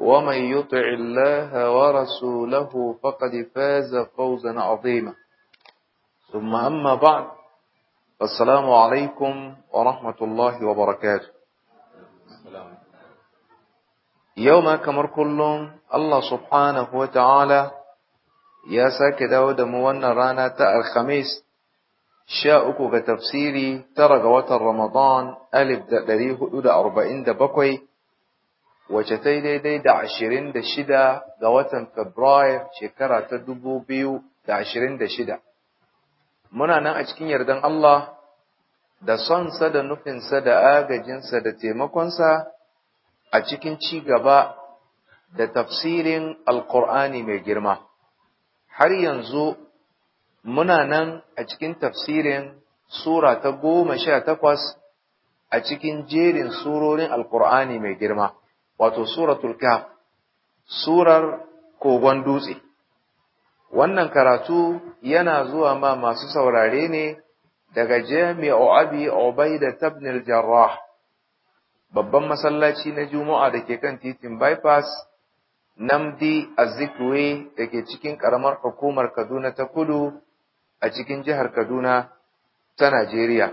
ومن يطع الله ورسوله فقد فاز فوزا عظيما ثم أما بعد السلام عليكم ورحمة الله وبركاته يوم كمر كلهم الله سبحانه وتعالى يا ساك داود مونا رانا تا الخميس شاءك كتفسيري ترى جوات رمضان ألف دليه أربعين دبقوي wace ta daidai da ashirin da shida ga watan Fabrair shekara ta dubu biyu da ashirin da shida. Muna nan a cikin yardan Allah da sonsa da nufinsa da agajinsa da taimakonsa a cikin ci gaba da tafsirin Alƙur'ani mai girma. Har yanzu muna nan a cikin tafsirin Sura ta goma sha takwas a cikin jerin surorin Alƙur'ani mai girma. wato suratul kaf surar kogon dutse wannan karatu yana zuwa ma masu saurare ne daga jami'u abi ubaida ibn al-jarrah babban masallaci na juma'a da ke kan titin bypass namdi azikwe da ke cikin karamar hukumar kaduna ta kudu a cikin jihar kaduna ta najeriya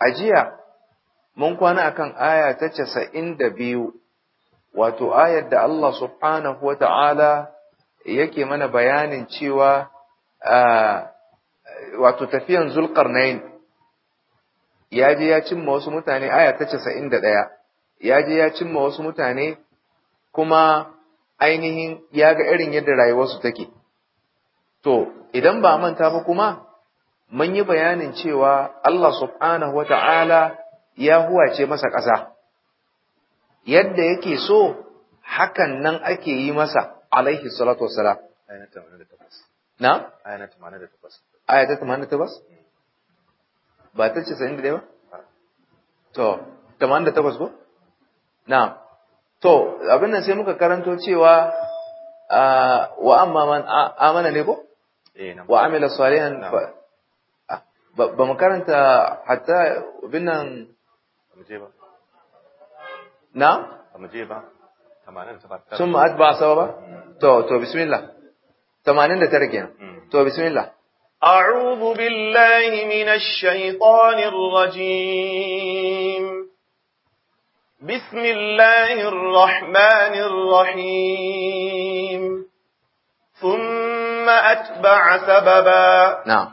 a jiya mun kwana akan aya ta casa'in da biyu wato ayar da Allah subhanahu wa ta'ala yake mana bayanin cewa wato tafiyan zulkarnain ya je ya cimma wasu mutane aya ta casa'in da ɗaya ya je ya cimma wasu mutane kuma ainihin ya ga irin yadda rayuwarsu take to idan ba manta ba kuma mun yi bayanin cewa Allah subhanahu wa ta'ala ya huwace masa ƙasa yadda yake so hakan nan ake yi masa alaihi salatu wassalam aya ta 88 na aya ta 88 aya ta 88 ba ta ce 91 ba to 88 ko na to abin nan sai muka karanto cewa wa amma man amana ne ko eh, wa amila salihan ba mu karanta hatta binan نعم ثم أتبع سببا تو تو بسم الله 89 تو طيب، بسم الله أعوذ بالله من الشيطان الرجيم بسم الله الرحمن الرحيم ثم أتبع سببا نعم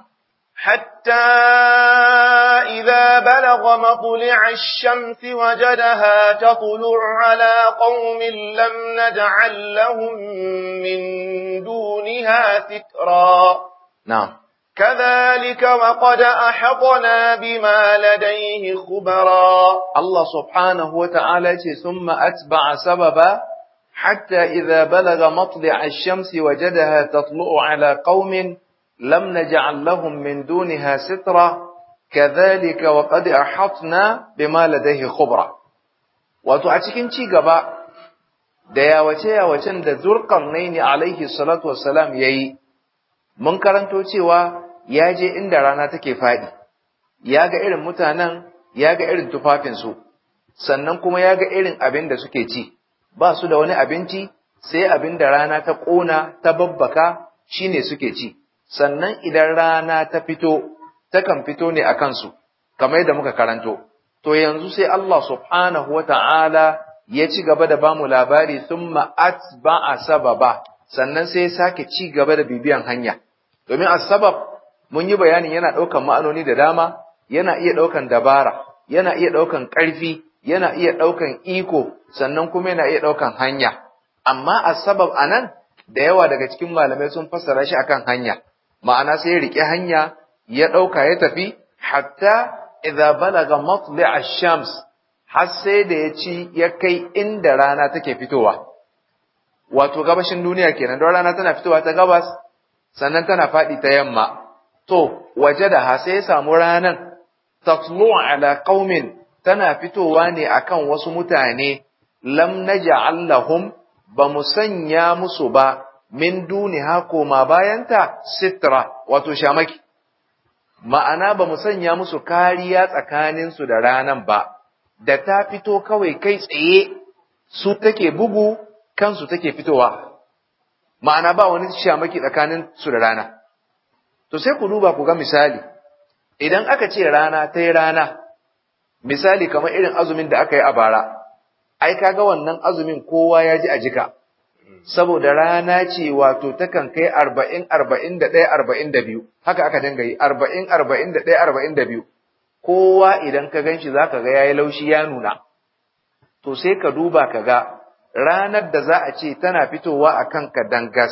حتى حتى إذا بلغ مطلع الشمس وجدها تطلع على قوم لم نجعل لهم من دونها سترا نعم كذلك وقد أحطنا بما لديه خبرا الله سبحانه وتعالى ثم أتبع سببا حتى إذا بلغ مطلع الشمس وجدها تطلع على قوم lam naj'al lahum min duniha sitra kadhalika wa qad ahatna bima ladayhi wato a cikin ci gaba da yawace yawacen da zurqarnaini alaihi salatu wassalam yayi mun karanto cewa ya je inda rana take faɗi ya ga irin mutanen ya ga irin tufafinsu sannan kuma ya ga irin abin da suke ci ba su da wani abinci sai abin da rana ta ƙona ta babbaka shine suke ci sannan idan rana ta fito takan fito ne a kansu kamar yadda muka karanto to yanzu sai Allah subhanahu wata'ala ya ci gaba da bamu labari thumma atba'a sababa sannan sai ya sake ci gaba da bibiyan hanya domin asbab mun yi bayanin yana ɗaukan ma'anoni da dama yana iya ɗaukan dabara yana iya ɗaukan ƙarfi yana iya ɗaukan iko sannan kuma yana iya ɗaukan hanya amma asbab anan da yawa daga cikin malamai sun fassara shi akan hanya ma'ana sai ya rike hanya ya ɗauka ya tafi hatta idza balaga ash shams har sai da ya ci ya kai inda rana take fitowa wato gabashin duniya kenan don rana tana fitowa ta gabas sannan tana faɗi ta yamma to waje da sai ya samu ranan tatlu ala qaumin tana fitowa ne akan wasu mutane lam naj'al lahum ba mu sanya musu ba min duni hako ma bayanta sitra wato shamaki ma'ana ba mu sanya musu kariya tsakaninsu da ranan ba da ta fito kawai kai tsaye su take bugu kansu take fitowa ma'ana ba wani shamaki tsakanin su da rana to sai ku duba ku ga misali idan aka ce rana ta yi rana misali kamar irin azumin da aka yi a bara ai kaga wannan azumin kowa ya ji a jika saboda rana ce wato takan kai arba'in arba'in da ɗaya arba'in da biyu haka aka dinga yi arba'in arba'in da ɗaya arba'in da biyu kowa idan ka gan shi za ka ga ya yi laushi ya nuna to sai ka duba ka ga ranar da za a ce tana fitowa a kanka dangas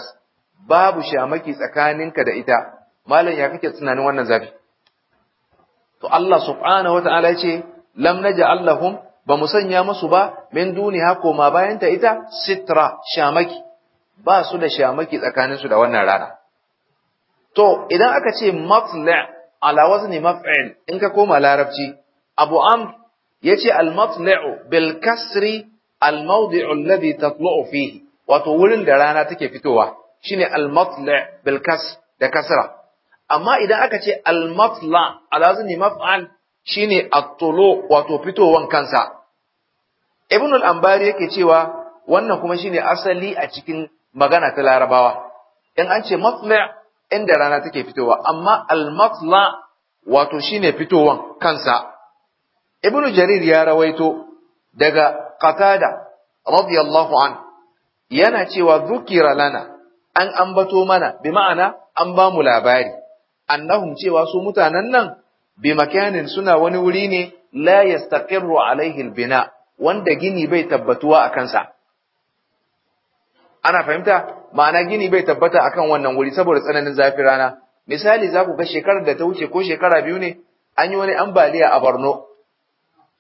babu shamaki tsakaninka da ita malam ya kake tunanin wannan zafi to Allah subhanahu wa ta'ala ya ce lam naj'al lahum ba mu sanya musu ba min duniya koma bayan ta ita sitra shamaki ba su da shamaki tsakaninsu da wannan rana to idan aka ce matla ala wazni maf'il in ka koma larabci abu am yace al bilkasri bil kasri al alladhi tatlu'u fihi wato wurin da rana take fitowa shine al bil kas da kasra amma idan aka ce al matla ala wazni maf'al shine at wato fitowan kansa Ibnul al-ambari yake cewa wannan kuma shine asali a cikin magana ta larabawa in an ce matla inda rana take fitowa amma al-matla wato shine fitowan kansa ibnu jarir ya rawaito daga qatada radiyallahu an yana cewa dhukira lana an ambato mana bi ma'ana an ba mu labari annahum cewa su mutanen nan bi makanin suna wani wuri ne la yastaqirru alaihi albina wanda gini bai tabbatuwa a kansa ana fahimta ma'ana gini bai tabbata akan wannan wuri saboda tsananin zafi rana misali za ku ga shekarar da ta wuce ko shekara biyu ne an yi wani ambaliya a Borno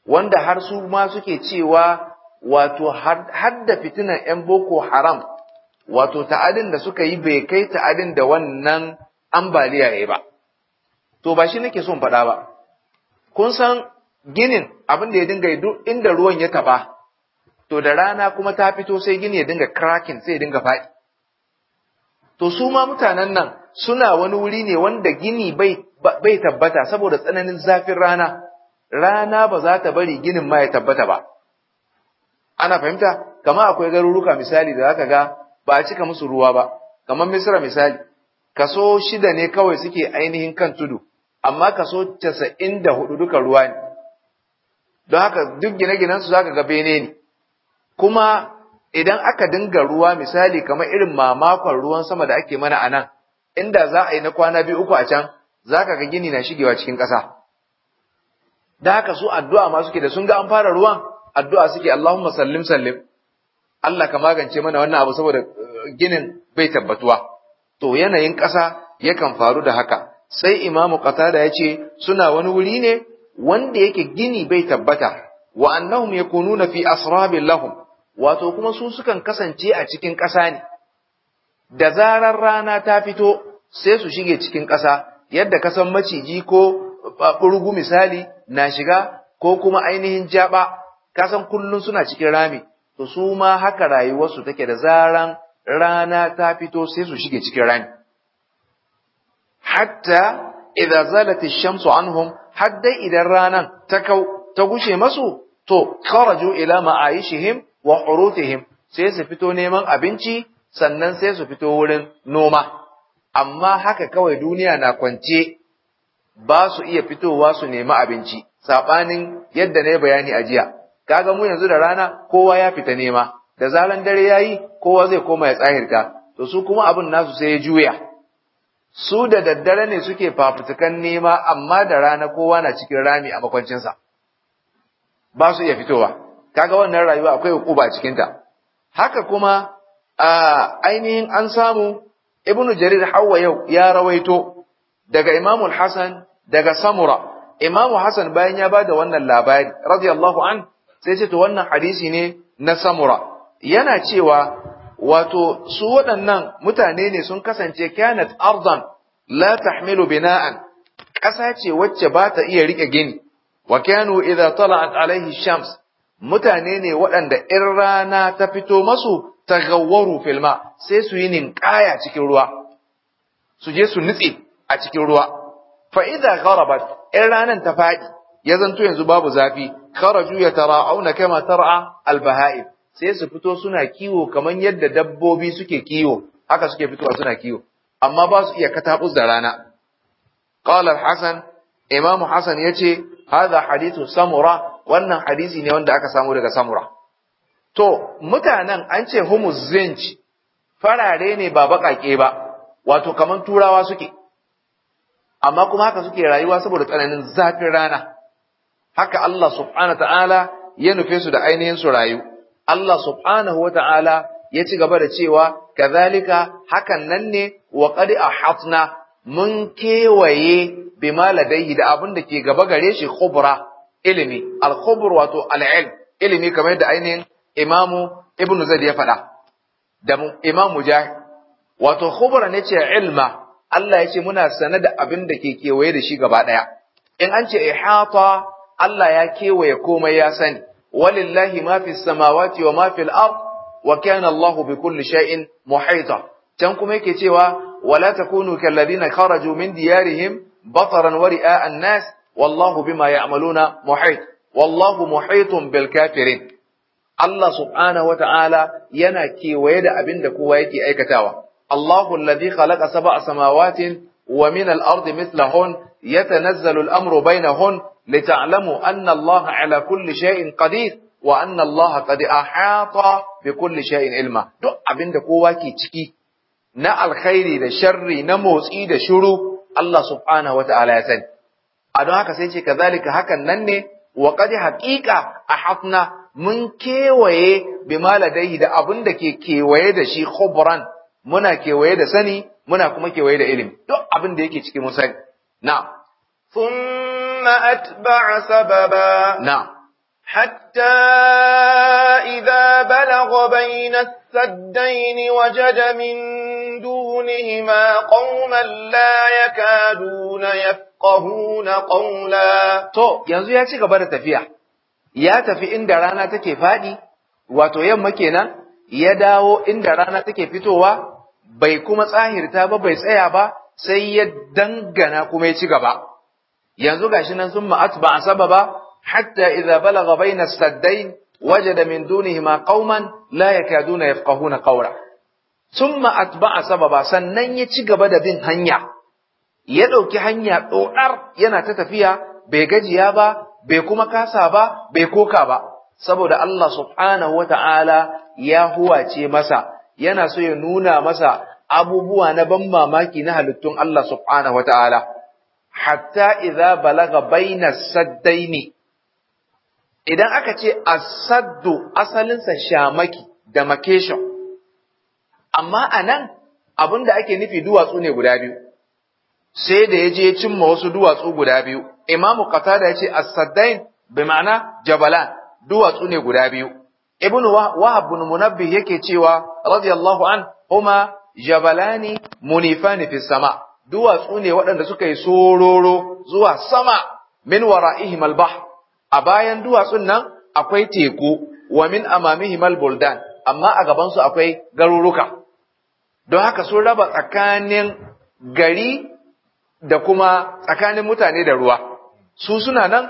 wanda har su ma suke cewa wato har da fitinan 'yan Boko Haram wato ta'adin da suka yi bai kai ta'adin da wannan ambaliya yayi ba to ba shi nake son faɗa ba kun san ginin abin da ya dinga yi duk inda ruwan ya taba to da rana kuma ta fito sai gini ya dinga cracking sai ya dinga faɗi to su ma mutanen nan suna wani wuri ne wanda gini bai bai tabbata saboda tsananin zafin rana rana ba za ta bari ginin ma ya tabbata ba ana fahimta kama akwai garuruka misali da zaka ga ba a cika musu ruwa ba kamar misra misali kaso shida ne kawai suke ainihin kan tudu amma kaso casa'in da hudu duka ruwa ne don haka duk gine-ginen su zaka ga bene ne kuma idan aka dinga ruwa misali kamar irin mamakon ruwan sama da ake mana a nan inda za a yi na kwana biyu uku a can zaka ga gini na shigewa cikin ƙasa don haka su addu'a ma suke da sun ga an fara ruwan addu'a suke Allahumma sallim sallim Allah ka magance mana wannan abu saboda uh, ginin bai tabbatuwa to yanayin ƙasa yakan faru da haka sai imamu qatada ya ce suna wani wuri ne wanda yake gini bai tabbata wa annahum yakununa fi asrabin lahum wato kuma su sukan kasance a cikin ƙasa ne da zarar rana ta fito sai su shige cikin ƙasa yadda kasan maciji ko ɓurgu misali na shiga ko kuma ainihin jaba kasan kullum suna cikin rami to su ma haka rayuwarsu take da zaran rana ta fito sai su shige cikin rami hatta idza zalati ash-shamsu anhum hadda idan ranan ta kau ta gushe masu to kharaju ila ma'aishihim wa hurutihim sai su fito neman abinci sannan sai su fito wurin noma amma haka kawai duniya na kwance ba su iya fitowa su nemi abinci sabanin yadda na bayani a jiya kaga mu yanzu da rana kowa ya fita nema da zaran dare yayi kowa zai koma ya tsahirta to su kuma abin nasu sai ya juya su da daddare ne suke fafutukan nema amma da rana kowa na cikin rami a makwancinsa ba su iya fitowa kaga wannan rayuwa akwai hukuba cikin ta haka kuma a ainihin an samu ibnu jarir hawa yau ya rawaito daga imamul hasan daga samura imamu hasan bayan ya bada wannan labari radiyallahu an sai ce to wannan hadisi ne na samura yana cewa wato su waɗannan mutane ne sun kasance kyanat ardan la tahmilu bina'an ƙasa ce wacce ba ta iya riƙe gini wa kyanu idza tala'at alaihi shams mutane ne waɗanda in rana ta fito masu tagawwaru filma sai su yi ninƙaya cikin ruwa su je su a cikin ruwa fa idza gharabat in ranan ta faɗi ya zanto yanzu babu zafi kharaju yatara'una kama tar'a al-baha'im sai su fito suna kiwo kamar yadda dabbobi suke kiwo haka suke fitowa suna kiwo amma ba su iya katabu da rana qala hasan imam hasan yace hadha hadithu samura wannan hadisi ne wanda aka samu daga samura to mutanen an ce humus zinj farare ne ba bakake ba wato kamar turawa suke amma kuma haka suke rayuwa saboda tsananin zafin rana haka Allah subhanahu ta'ala ya nufe su da ainihin su rayu Allah subhanahu wa ta'ala ya ci gaba da cewa, kazalika hakan nan ne wa ƙari a hatna mun kewaye bi maladai da abin da ke gaba gare shi khubra ilimi, al wato al ilimi kamar da ainihin imamu Ibn Zaid ya faɗa, da imamu jahi, Wato khubra ne ce ilma, Allah ya ce muna sane da abin da ke kewaye da shi gaba ɗaya. In an ce ihata Allah ya kewaye komai ya sani, ولله ما في السماوات وما في الأرض وكان الله بكل شيء محيطا تنكم هيك تيوا ولا تكونوا كالذين خرجوا من ديارهم بطرا ورئاء الناس والله بما يعملون محيط والله محيط بالكافرين الله سبحانه وتعالى ينكي kewaye da abin أي kowa الله الذي خلق سبع سماوات ومن الأرض مثلهن يتنزل الأمر بينهن لتعلموا أن الله على كل شيء قدير wa anna Allah qad ahata bi kulli shay'in ilma duk abinda kowa ke ciki na alkhairi da sharri na motsi da shiru Allah subhanahu wata'ala ya sani a don haka sai ce kazalika hakan nan ne wa qad haqiqa ahatna mun kewaye bi maladaihi da abinda ke kewaye da shi khubran muna kewaye da sani muna kuma kewaye da ilimi duk abinda yake ciki mun sani ثم أتبع سببا نعم حتى إذا بلغ بين السدين وجد من دونهما قوما لا يكادون يفقهون قولا تو yanzu ya ci gaba da tafiya ya tafi inda rana take faɗi, wato yamma kenan ya dawo inda rana take fitowa bai kuma tsahirta ba bai tsaya ba sai ya dangana kuma ya ci gaba yanzu gashi nan sun ma'at ba a sababa hatta idza balagha bayna saddain wajada min dunihima qauman la yakaduna yafqahuna qawla thumma atba sababa sannan ya ci gaba da bin hanya ya dauki hanya dodar yana ta tafiya bai gajiya ba bai kuma kasa ba bai koka ba saboda Allah subhanahu wata'ala ya huwace masa yana so ya nuna masa abubuwa na ban mamaki na halittun Allah subhanahu wata'ala hatta idza balaga baina saddaini idan aka ce asaddu asalinsa shamaki da makeshon amma anan abinda ake nufi duwatsu ne guda biyu sai da ya je cimma wasu duwatsu guda biyu imamu qatada ya ce as bi ma'ana jabalan duwatsu ne guda biyu ibnu wahab bin munabbih yake cewa radiyallahu an huma jabalani munifani fis sama' duwatsu ne waɗanda suka yi sororo zuwa sama min wara'ihim albah a bayan duwatsun nan akwai teku wa min Himal albuldan amma a gabansu akwai garuruka don haka sun raba tsakanin gari da kuma tsakanin mutane da ruwa su suna nan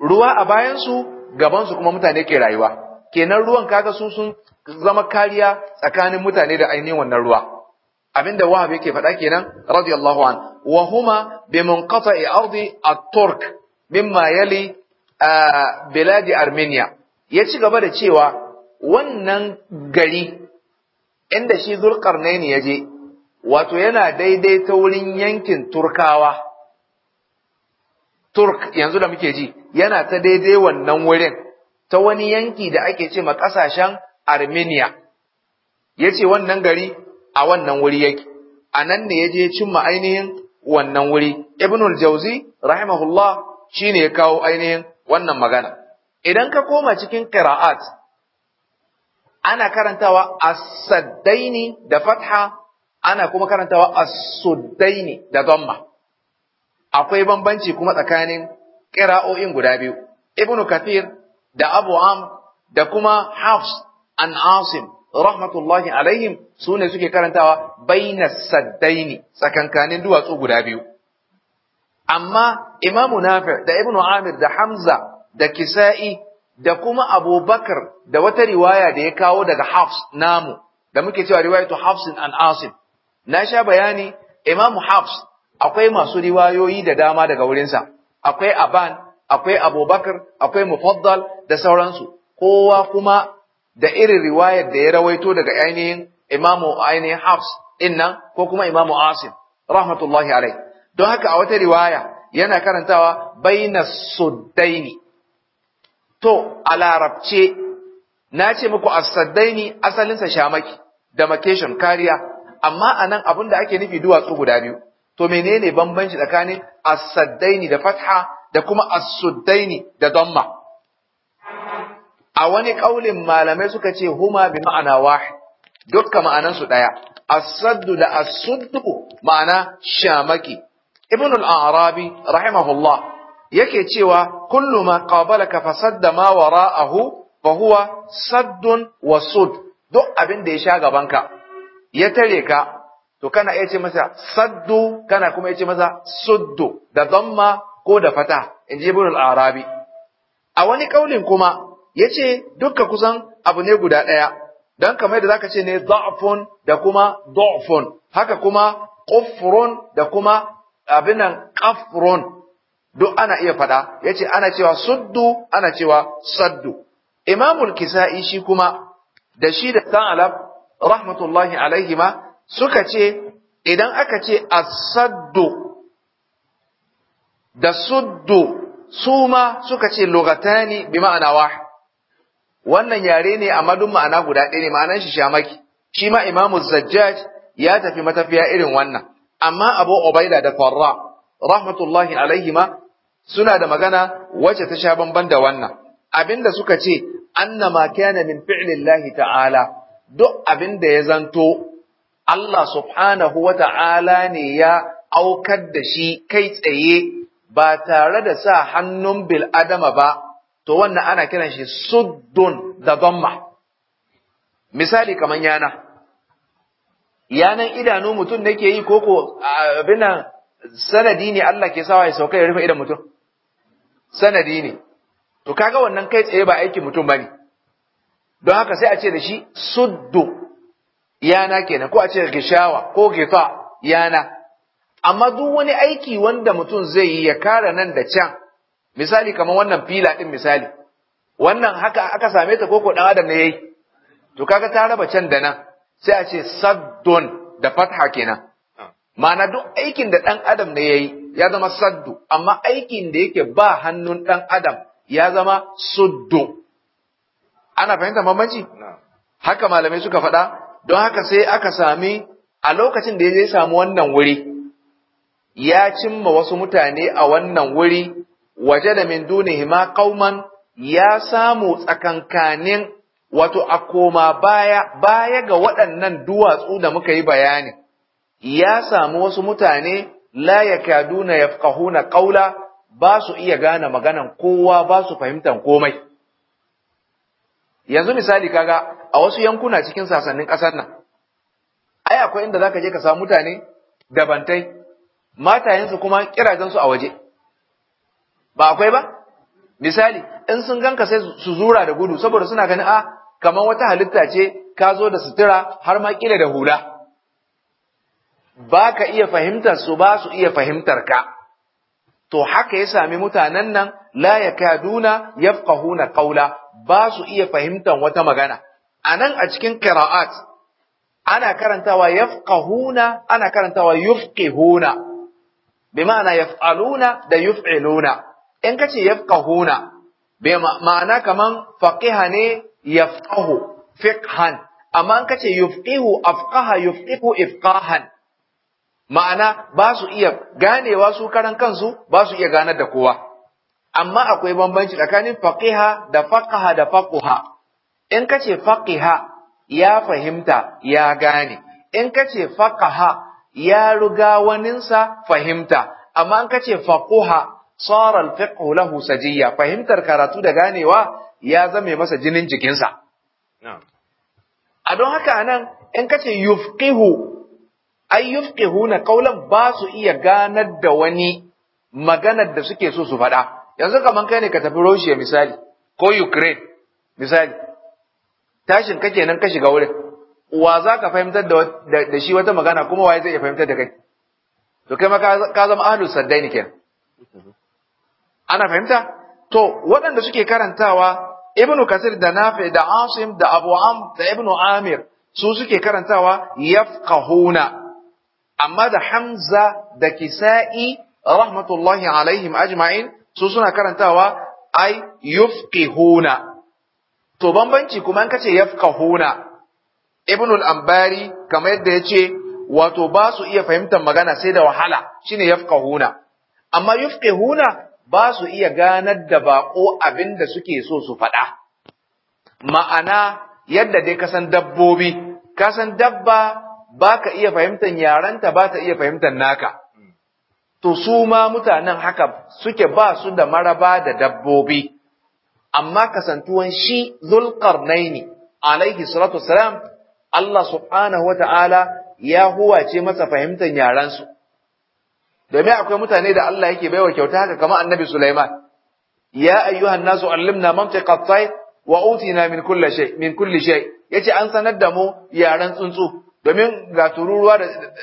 ruwa a bayan su gaban kuma mutane ke rayuwa kenan ruwan kaga su sun zama kariya tsakanin mutane da ainihin wannan ruwa abinda wahab yake faɗa kenan radiyallahu an wa huma bi munqata'i ardi at-turk mimma yali biladi armenia ya ci gaba da cewa wannan gari inda shi Zulqarnain ya je wato yana daidai ta wurin yankin turkawa turk yanzu da muke ji yana ta daidai wannan wurin ta wani yanki da ake ce ma ƙasashen armenia ya ce wannan gari a wannan wuri yake a nan ne ya je cimma ainihin wannan wuri al jauzi rahimahullah shine ya kawo ainihin wannan magana idan ka koma cikin qira'at ana karantawa as-saddaini da fatha ana kuma karantawa as-suddaini da dhamma akwai bambanci kuma tsakanin qira'o'in guda biyu Ibn kathir da abu am da kuma hafs an asim rahmatullahi alaihim su ne suke karantawa baina saddaini tsakankanin duwatsu guda biyu amma Imam nafi da ibnu amir da hamza da kisa'i da kuma abubakar da wata riwaya da ya kawo daga hafs namu da muke cewa riwayatu hafsin an asim na sha bayani Imam hafs akwai masu riwayoyi da dama daga wurinsa akwai aban akwai abubakar akwai mufaddal da sauransu kowa kuma da irin riwayar da ya rawaito daga ainihin imamu ainihin Hafs innan ko kuma imamu Asim rahmatullahi alai don haka a wata riwaya yana karantawa baina suddaini to a larabce na ce muku a asalinsa shamaki da makeshin kariya amma anan abin da ake nufi duwatsu guda biyu to menene bambanci tsakanin asaddaini da fatha da kuma asuddaini suddaini da damma a wani ƙaulin malamai suka ce huma bi ma'ana wahid duka ma'anansu ɗaya. asaddu da asudu ma'ana shamaki ibn al-arabi rahimahullah yake cewa kullu ma qabalaka fasadda ma wara'ahu fa huwa saddun wa sud duk abin da ya sha gabanka ya tare ka to kana iya ce masa saddu kana kuma iya ce masa suddu da damma ko da fata inji ibn al-arabi a wani kaulin kuma yace duka kusan abu ne guda ɗaya dan kamar da zaka ce ne da'fun da kuma da'fun haka kuma qufrun da kuma abinan ƙafron duk ana iya fada yace ana cewa suddu ana cewa saddu imamul kisai shi kuma da shi da alaf rahmatullahi alaihima suka ce idan aka ce asaddu da suddu su ma suka ce lugatani bi ma'ana wahid wannan yare ne amma duk ma'ana guda ɗaya ne ma'anan shi shamaki shi ma imamu zajjaj ya tafi matafiya irin wannan amma abu ubaida da farra rahmatullahi alaihi ma suna da magana wacce ta sha bamban da wannan abinda suka ce annama kana min fi'lillahi ta'ala duk abin da ya zanto Allah subhanahu wa ta'ala ne ya aukar da shi kai tsaye ba tare da sa hannun bil'adama ba to wannan ana kiran shi suddun da dhamma misali kaman yana yanan idanu mutum nake yi koko abin sanadi ne Allah ke sawa ya sauka ya rufe idan mutum sanadi ne to kaga wannan kai tsaye ba aikin mutum bane don haka sai a ce da shi suddu yana kenan ko a ce gishawa ko gifa yana amma duk wani aiki wanda mutum zai yi ya kara nan da can misali kamar wannan fila din misali wannan haka aka same ta koko ɗan adam ne yayi to kaga ta raba can da nan sai a ce saddun da fatha kenan ma'ana duk aikin da ɗan adam ne yayi ya zama saddu amma aikin da yake ba hannun ɗan adam ya zama suddu ana fahimtar bambanci haka malamai suka faɗa don haka sai aka sami a lokacin da ya je samu wannan wuri ya cimma wasu mutane a wannan wuri wajada min dunihima qauman ya samu tsakankanin wato a koma baya baya ga waɗannan duwatsu da muka yi bayani ya samu wasu mutane la yakaduna yafqahuna qaula ba su iya gane maganan kowa ba su fahimtan komai yanzu misali kaga a wasu yankuna cikin sasannin ƙasar nan ai akwai inda zaka je ka samu mutane dabantai matayensu kuma kirajensu a waje ba akwai ba misali in sun ganka sai su zura da gudu saboda suna ganin a ah, kamar wata halitta ce ka zo da sutura har ma kila da hula ba ka iya fahimtar su ba su iya fahimtar ka to haka ya sami mutanen nan la yakaduna yafqahuna qawla ba su iya fahimtar wata magana anan a cikin qira'at ana karantawa yafqahuna ana karantawa yufqihuna ma'ana yaf'aluna da yuf'iluna in ka ce yafqahuna bai ma'ana kaman faqiha ne yafqahu fiqhan amma in ka ce yufqihu afqaha yufqihu ifqahan ma'ana ba su iya ganewa su karan kansu ba su iya ganar da kowa amma akwai bambanci tsakanin faqiha da faqaha da faquha in ka ce faqiha ya fahimta ya gane in ka ce faqaha ya riga waninsa fahimta amma in ka ce faquha sara al-fiqhu lahu sajiyya fahimtar karatu da ganewa ya zame masa jinin jikinsa a don haka nan in kace yufqihu ay yufqihuna qawlan ba su iya ganar da wani maganar da suke so su faɗa yanzu kaman kai ne ka tafi Russia misali ko Ukraine misali tashin kake nan ka shiga wurin wa za ka fahimtar da shi wata magana kuma waye zai iya fahimtar da kai to kai ma ka zama ahlus saddai ne kenan mhm. ana fahimta to waɗanda suke karantawa ibnu kasir da nafi da asim da abu am da ibnu amir su suke karantawa yafqahuna amma da hamza da kisa'i rahmatullahi alaihim ajma'in su suna karantawa ai yufqihuna to bambanci kuma an kace yafqahuna ibnu al-ambari kamar yadda yace wato ba su iya fahimtar magana sai da wahala shine yafqahuna amma yufqihuna ba su iya ganar da baƙo abin da suke so su faɗa. Ma'ana yadda dai kasan dabbobi, kasan dabba ba ka iya fahimtar yarenta ba ta iya fahimtar naka. To su ma mutanen haka suke ba su da maraba da dabbobi, amma kasantuwan shi zulƙarnaini alaihi salatu salam Allah subhanahu wa ta'ala ya huwace masa fahimtar su domin akwai mutane da Allah yake baiwa kyauta haka kamar annabi Sulaiman ya ayyuhan nasu allimna na at wa utina min kulli shay min kulli shay yace an sanar da mu yaran tsuntsu domin ga tururuwa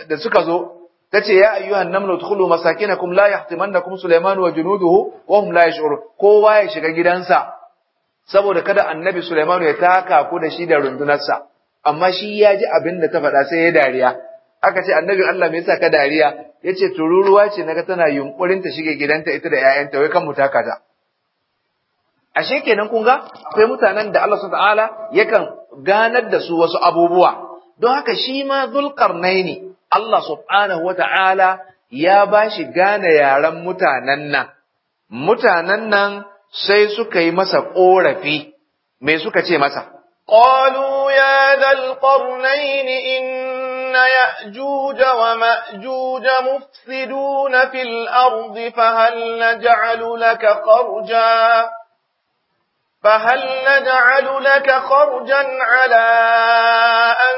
da suka zo tace ya ayyuhan namlu udkhulu masakinakum la yahtimannakum Sulaiman wa junuduhu wa hum la yash'urun kowa ya shiga gidansa saboda kada annabi Sulaiman ya taka ku da shi da rundunarsa amma shi ya ji abin da ta faɗa sai ya dariya aka ce annabi Allah me yasa ka dariya yace tururuwa ce naga tana yunkurin ta shige gidanta ita da 'ya'yanta, wai kan mutaka ta ashe kenan kun ga akwai mutanen da Allah ta'ala yakan ganar da su wasu abubuwa don haka shi ma ne Allah subhanahu wa ta'ala ya ba shi gane yaren mutanen nan mutanen nan sai suka yi masa ƙorafi mai suka ce masa qalu ya in يأجوج ومأجوج مفسدون في الأرض فهل نجعل لك خرجا فهل نجعل لك خرجا على أن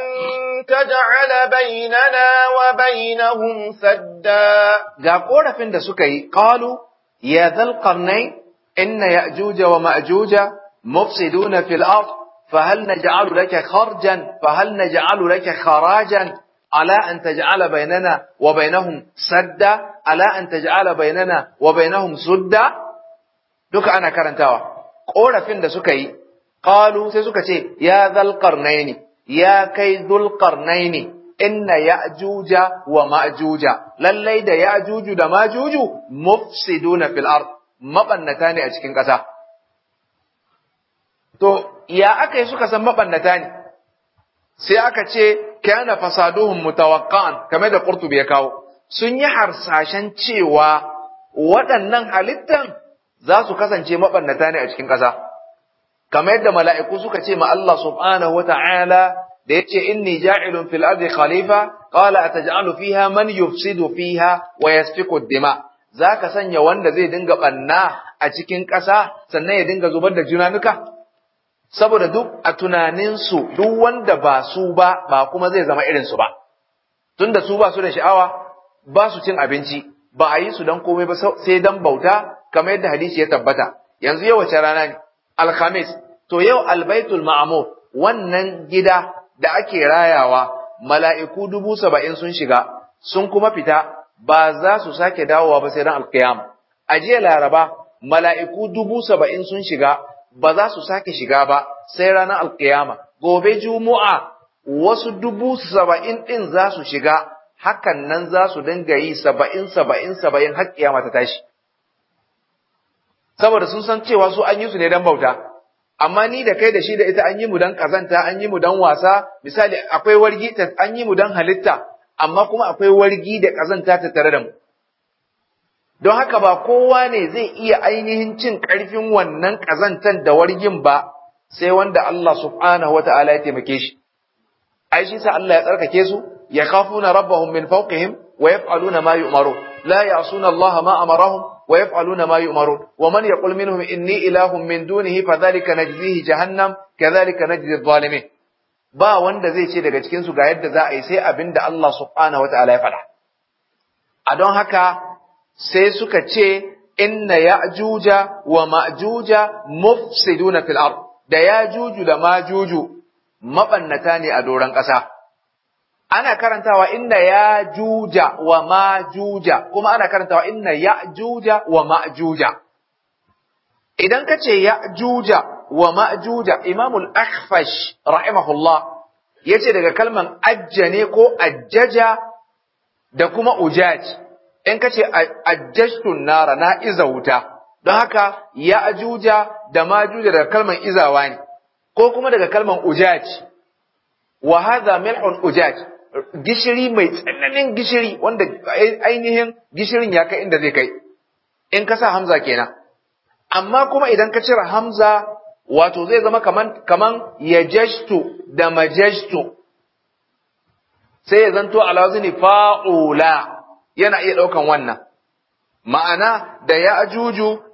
تجعل بيننا وبينهم سدا قال فين دسوكي قالوا يا ذا القرنين إن يأجوج ومأجوج مفسدون في الأرض فهل نجعل لك خرجا فهل نجعل لك خراجا ala an bainana wa bainahum sadda ala an bainana wa bainahum sudda duka ana karantawa korafin da suka yi Ƙalu sai suka ce ya zal ya kai dhul qarnaini inna ya'juja wa ma'juja lallai da ya'juju da ma'juju mufsiduna fil ard mabannata ne a cikin ƙasa to ya aka yi suka san mabannata ne sai aka ce kana fasaduhum mutawaqqan kamar da Qurtubi ya kawo sun yi harsashen cewa waɗannan halittan za su kasance mabannata ne a cikin ƙasa kamar yadda mala'iku suka ce ma Allah subhanahu wata'ala da yace inni ja'ilun fil ardi khalifa qala ataj'alu fiha man yufsidu fiha wa yasfiku dima zaka sanya wanda zai dinga banna a cikin ƙasa sannan ya dinga zubar da junanuka saboda duk a tunaninsu duk wanda ba su ba ba kuma zai zama irin su ba tunda su ba su da sha'awa ba su cin abinci ba a yi su dan komai ba sai dan bauta kamar yadda hadisi ya tabbata yanzu yau wace rana ne alhamis to yau albaitul ma'amur wannan gida da ake rayawa mala'iku dubu saba'in sun shiga sun kuma fita ba za su sake dawowa ba sai ran alkiyam a jiya laraba mala'iku dubu saba'in sun shiga ba za su sake shiga ba sai ranar alkiyama gobe juma'a wasu dubu saba'in din za su shiga hakan nan za su dinga yi saba'in saba'in saba'in har kiyama ta tashi saboda sun san cewa su an yi su ne dan bauta amma ni da kai da shi da ita an yi mu dan kazanta an yi mu dan wasa misali akwai wargi an yi mu dan halitta amma kuma akwai wargi da kazanta ta tare da mu don haka ba kowa ne zai iya ainihin cin ƙarfin wannan ƙazantar da wargin ba sai wanda Allah subhanahu wa ta'ala ya taimake shi ai shi sa Allah ya tsarkake su ya na rabbahum min fawqihim wa yaf'aluna ma umaru. la ya'suna Allah ma amarahum wa yaf'aluna ma umaru. wa man yaqul minhum inni ilahun min dunihi fadhalika najzihi jahannam kadhalika najzi adh-dhalimin ba wanda zai ce daga cikin ga yadda za a yi sai abinda Allah subhanahu wa ta'ala ya faɗa a don haka sai suka ce inna ya'juja wa ma'juja mufsiduna fil ard da ya'juju da ma'juju mabannata ne a doran ƙasa ana karantawa inna ya'juja wa ma'juja kuma ana karantawa inna ya'juja wa ma'juja idan ka ce ya'juja wa ma'juja imamul akhfash rahimahullah yace daga kalman ajja ne ko ajjaja da kuma ujaj in kace ce nara na iza wuta don haka ya ajuja da majuja daga kalman izawa ne ko kuma daga kalman ujaji wa hadha milhun Ujaji, gishiri mai tsananin gishiri wanda ainihin gishirin ya kai inda zai kai in ka sa hamza kenan amma kuma idan ka cire hamza wato zai zama kaman kaman yajastu da majastu sai ya zanto alawazini fa'ula yana iya ɗaukan wannan ma'ana da ya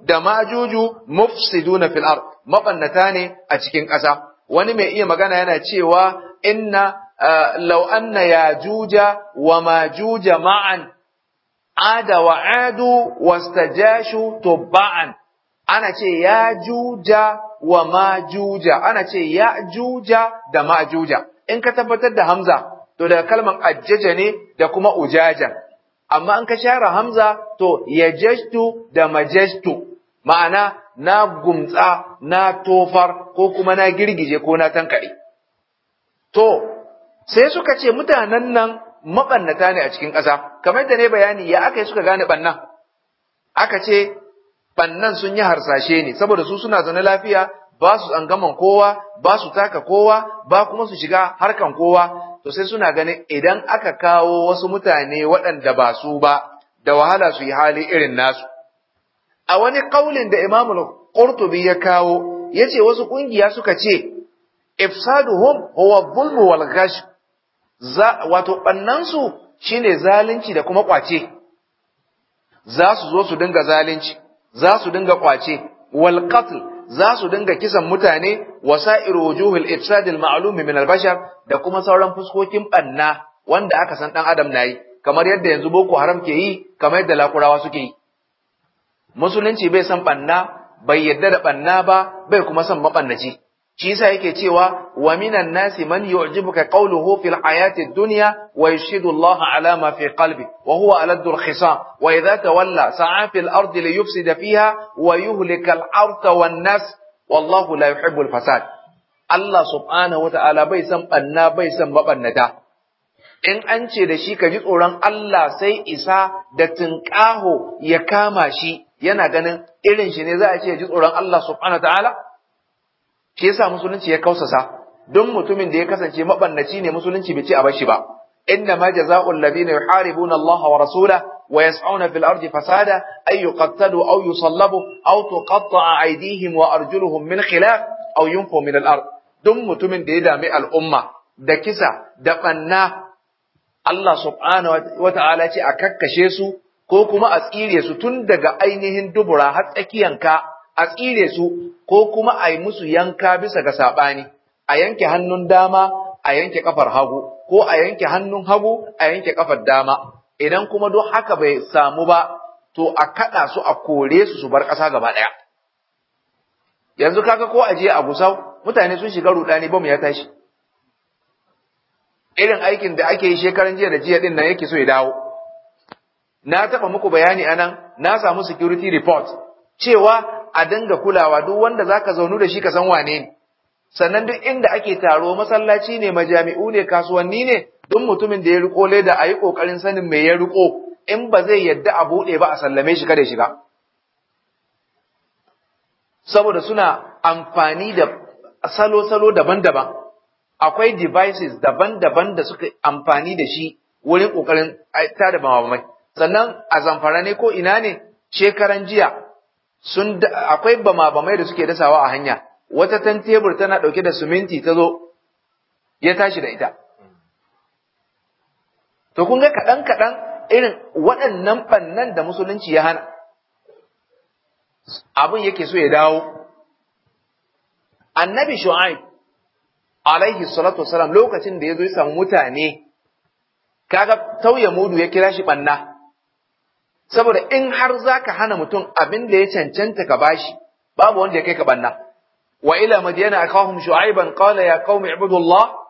da majuju mufsiduna fil ard mabannata ne a cikin ƙasa wani mai iya magana yana cewa inna eh, law anna juja wa majuja ma'an ada wa adu wastajashu tubba'an ana ce yajuja wa majuja ana ce yajuja da majuja in ka tabbatar da hamza to daga kalmar ajjaja ne da kuma ujaja amma an ka share hamza to yajajtu da majestu ma'ana na gumtsa na tofar ko kuma na girgije ko na tankare to sai suka ce mutanen nan mabannata ne a cikin ƙasa kamar da ne bayani ya aka yi suka gane bannan aka ce bannan sun yi harsashe ne saboda su suna zaune lafiya ba su tsangaman kowa ba su taka kowa ba kuma su shiga harkan kowa to sai suna ganin idan aka kawo wasu mutane waɗanda ba su ba da wahala su yi hali irin nasu a wani kaulin da imamul qurtubi ya kawo ya ce wasu ƙungiya suka ce ifsaduhum huwa zulmu wal ghash za wato ɓannansu shi shine zalunci da kuma ƙwace, za su zo su dinga zalunci za su dinga ƙwace wal za su dinga kisan mutane wasa'ir wujuhul ifsad al ma'lum min al bashar da kuma sauran fuskokin banna wanda aka san dan adam nayi kamar yadda yanzu boko haram ke yi kamar yadda lakurawa suke yi musulunci bai san banna bai yadda da banna ba bai kuma san mabannaci shi yasa yake cewa wa minan nasi man yu'jibuka qawluhu fil hayati ad-dunya wa yashhadu Allah ala ma fi qalbi wa huwa aladdu al-khisam wa idha tawalla sa'a fil ardi li yufsida fiha wa yuhlika al-ardha wan nas wallahu la yuhibbu al-fasad Allah subhanahu wa ta'ala bai san banna bai san mabannata in an ce da shi ka ji tsoron Allah sai isa da tinkaho ya kama shi yana ganin irin shi ne za a ce ya ji tsoron Allah subhanahu wa ta'ala shi yasa musulunci ya kausasa don mutumin da ya kasance mabannaci ne musulunci bai ce a bashi ba inna ma jazaa'ul ladina yuharibuna Allah wa rasula wa yas'una fil ardi fasada ay yuqattalu aw yusallabu aw tuqatta'a aydihim wa arjuluhum min khilaf aw yunfu min al ard don mutumin da ya dami al'umma da kisa da banna Allah subhanahu wa ta'ala ce a kakkashe su ko kuma a tsire su tun daga ainihin dubura har tsakiyanka a tsire su ko kuma a yi musu yanka bisa ga saɓani a yanke hannun dama a yanke ƙafar hagu ko a yanke hannun hagu a yanke ƙafar dama idan kuma duk haka bai samu ba to a kaɗa su a kore su su bar ƙasa gaba ɗaya yanzu kaga ko aje a gusau mutane sun shiga ruɗani bam ya tashi irin aikin da ake yi shekaran jiya da jiya din nan yake so ya dawo na taɓa muku bayani anan na samu security report cewa a dinga kulawa duk wanda zaka zaunu da shi ka san wane ne sannan duk inda ake taro masallaci ne majami'u ne kasuwanni ne duk mutumin da ya riko leda a yi kokarin sanin me ya riko in ba zai yadda a buɗe ba a sallame shi kada shiga saboda suna amfani da salo-salo daban-daban akwai devices daban-daban da suka amfani da shi wurin kokarin tada bamamai sannan a zamfara ne ko ina ne shekaran jiya sun akwai bama bamai da suke dasawa a hanya wata tan tebur tana dauke da suminti ta zo ya tashi da ita to kun ga kaɗan kadan irin waɗannan bannan da musulunci ya hana abin yake so ya dawo annabi shu'aib alaihi salatu wasalam lokacin da ya zo ya samu mutane kaga tauye mudu ya kira shi ɓanna. saboda in har zaka hana mutum abin da ya cancanta ka bashi babu wanda ya kai ka banna wa ila madiyana akahum shu'aiban qala ya qaumi ibudullah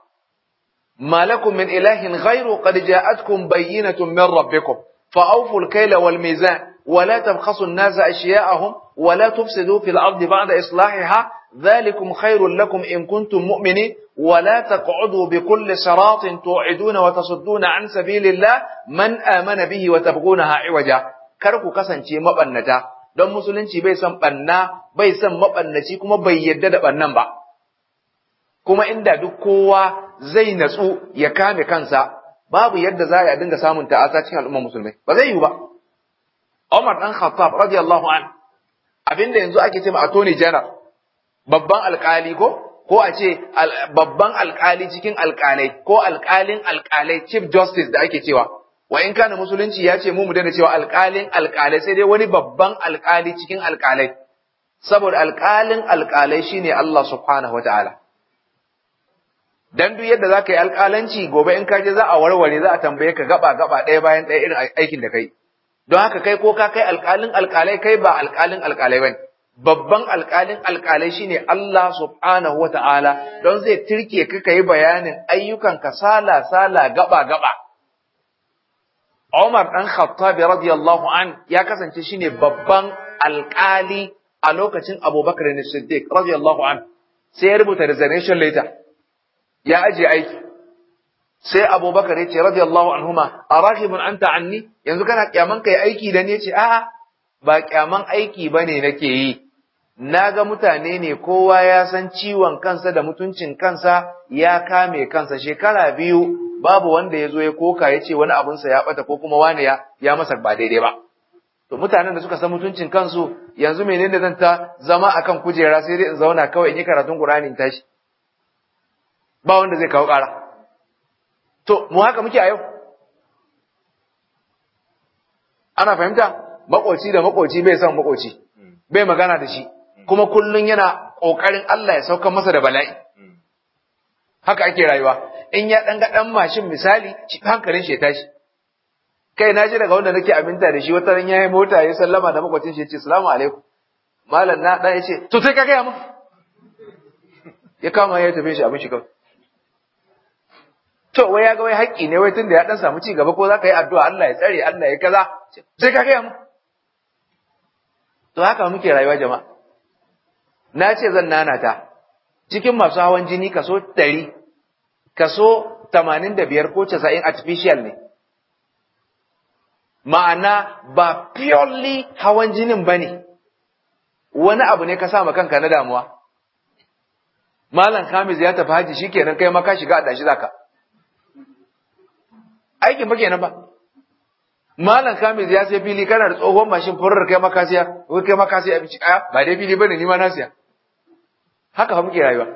ما لكم من إله غيره قد al بينة wal mizan wa la tabkhasu an-nasa الناس wa la tufsidu fil ardi ba'da islahiha ذلكم خير لكم إن كنتم مؤمنين ولا تقعدوا بكل صراط توعدون وتصدون عن سبيل الله من آمن به وتبغونها عوجا كركو كسان شي مبنجا دون مسلم شي بيسان بنا بيسان مبنة شي كما بيدد بنا با كما عند دكوا زين نسو يكامي كانسا بابو يد زايا دنجا سامن تأساتي الأمم مسلمين بزي يوبا عمر بن الخطاب رضي الله عنه أبين لينزو أكي تيم أتوني جنر babban alkali ko ko a ce babban alkali cikin alkalai ko alkalin alkalai chief justice da ake cewa wa in kana musulunci ya ce mu mu dana cewa alkalin alkalai sai dai wani babban alkali cikin alkalai saboda alkalin alkalai shine Allah subhanahu wataala dan duk yadda zaka yi alkalanci gobe in ka je za a warware za a tambaye ka gaba gaba ɗaya bayan ɗaya irin aikin da kai don haka kai ko ka kai alkalin alkalai kai ba alkalin alkalai bane babban alƙalin alƙalai shine Allah subhanahu wa ta'ala don zai tirke ka kai bayanin ayyukan ka sala sala gaba gaba Umar ɗan Khattab radiyallahu an ya kasance shine babban alƙali a lokacin Abubakar ne Siddiq radiyallahu an sai ya rubuta resignation letter ya ajiye aiki sai Abubakar ya ce radiyallahu anhuma araghibun anta anni yanzu kana kyaman kai aiki da ne ce a'a ba kyaman aiki bane nake yi Na ga mutane ne kowa ya san ciwon kansa da mutuncin kansa ya kame kansa shekara biyu babu wanda ya zo ya koka ya ce wani abinsa ya bata ko kuma wani ya ya ba daidai ba to mutanen da suka san mutuncin kansu yanzu menene zan ta zama a kan kujera sai dai in zauna kawai in yi karatun kurani in tashi ba wanda zai kawo ƙara to mu haka muke a yau ana fahimta makoci da makoci bai son makoci bai magana da shi kuma kullun yana ƙoƙarin Allah ya sauka masa da bala'i haka ake rayuwa in ya ɗan ga ɗan mashin misali shi hankalin shi ya tashi kai na ji daga wanda nake aminta da shi wata ran yayi mota ya sallama da makwacin shi ya ce salamu alaikum malam na ɗan yace ce to sai ka gaya mu. ya kama ya tafi shi abin shi kawai to wai ya ga wai haƙƙi ne wai tun da ya ɗan samu ci gaba ko za ka yi addu'a Allah ya tsare Allah ya kaza sai ka gaya mu. to haka muke rayuwa jama'a na ce zan nanata cikin masu hawan jini kaso ɗari kaso tamanin da biyar ko casa'in artificial ne ma'ana ba purely hawan jinin ba ne wani abu ne ka sa kanka na damuwa malam kamis ya tafi haji shi kenan kai maka shiga a ɗashi zaka aikin ba kenan ba malam kamis ya sai fili kana da tsohon mashin furar kai maka siya kai maka siya ba dai fili ba ni ma na siya haka fa muke rayuwa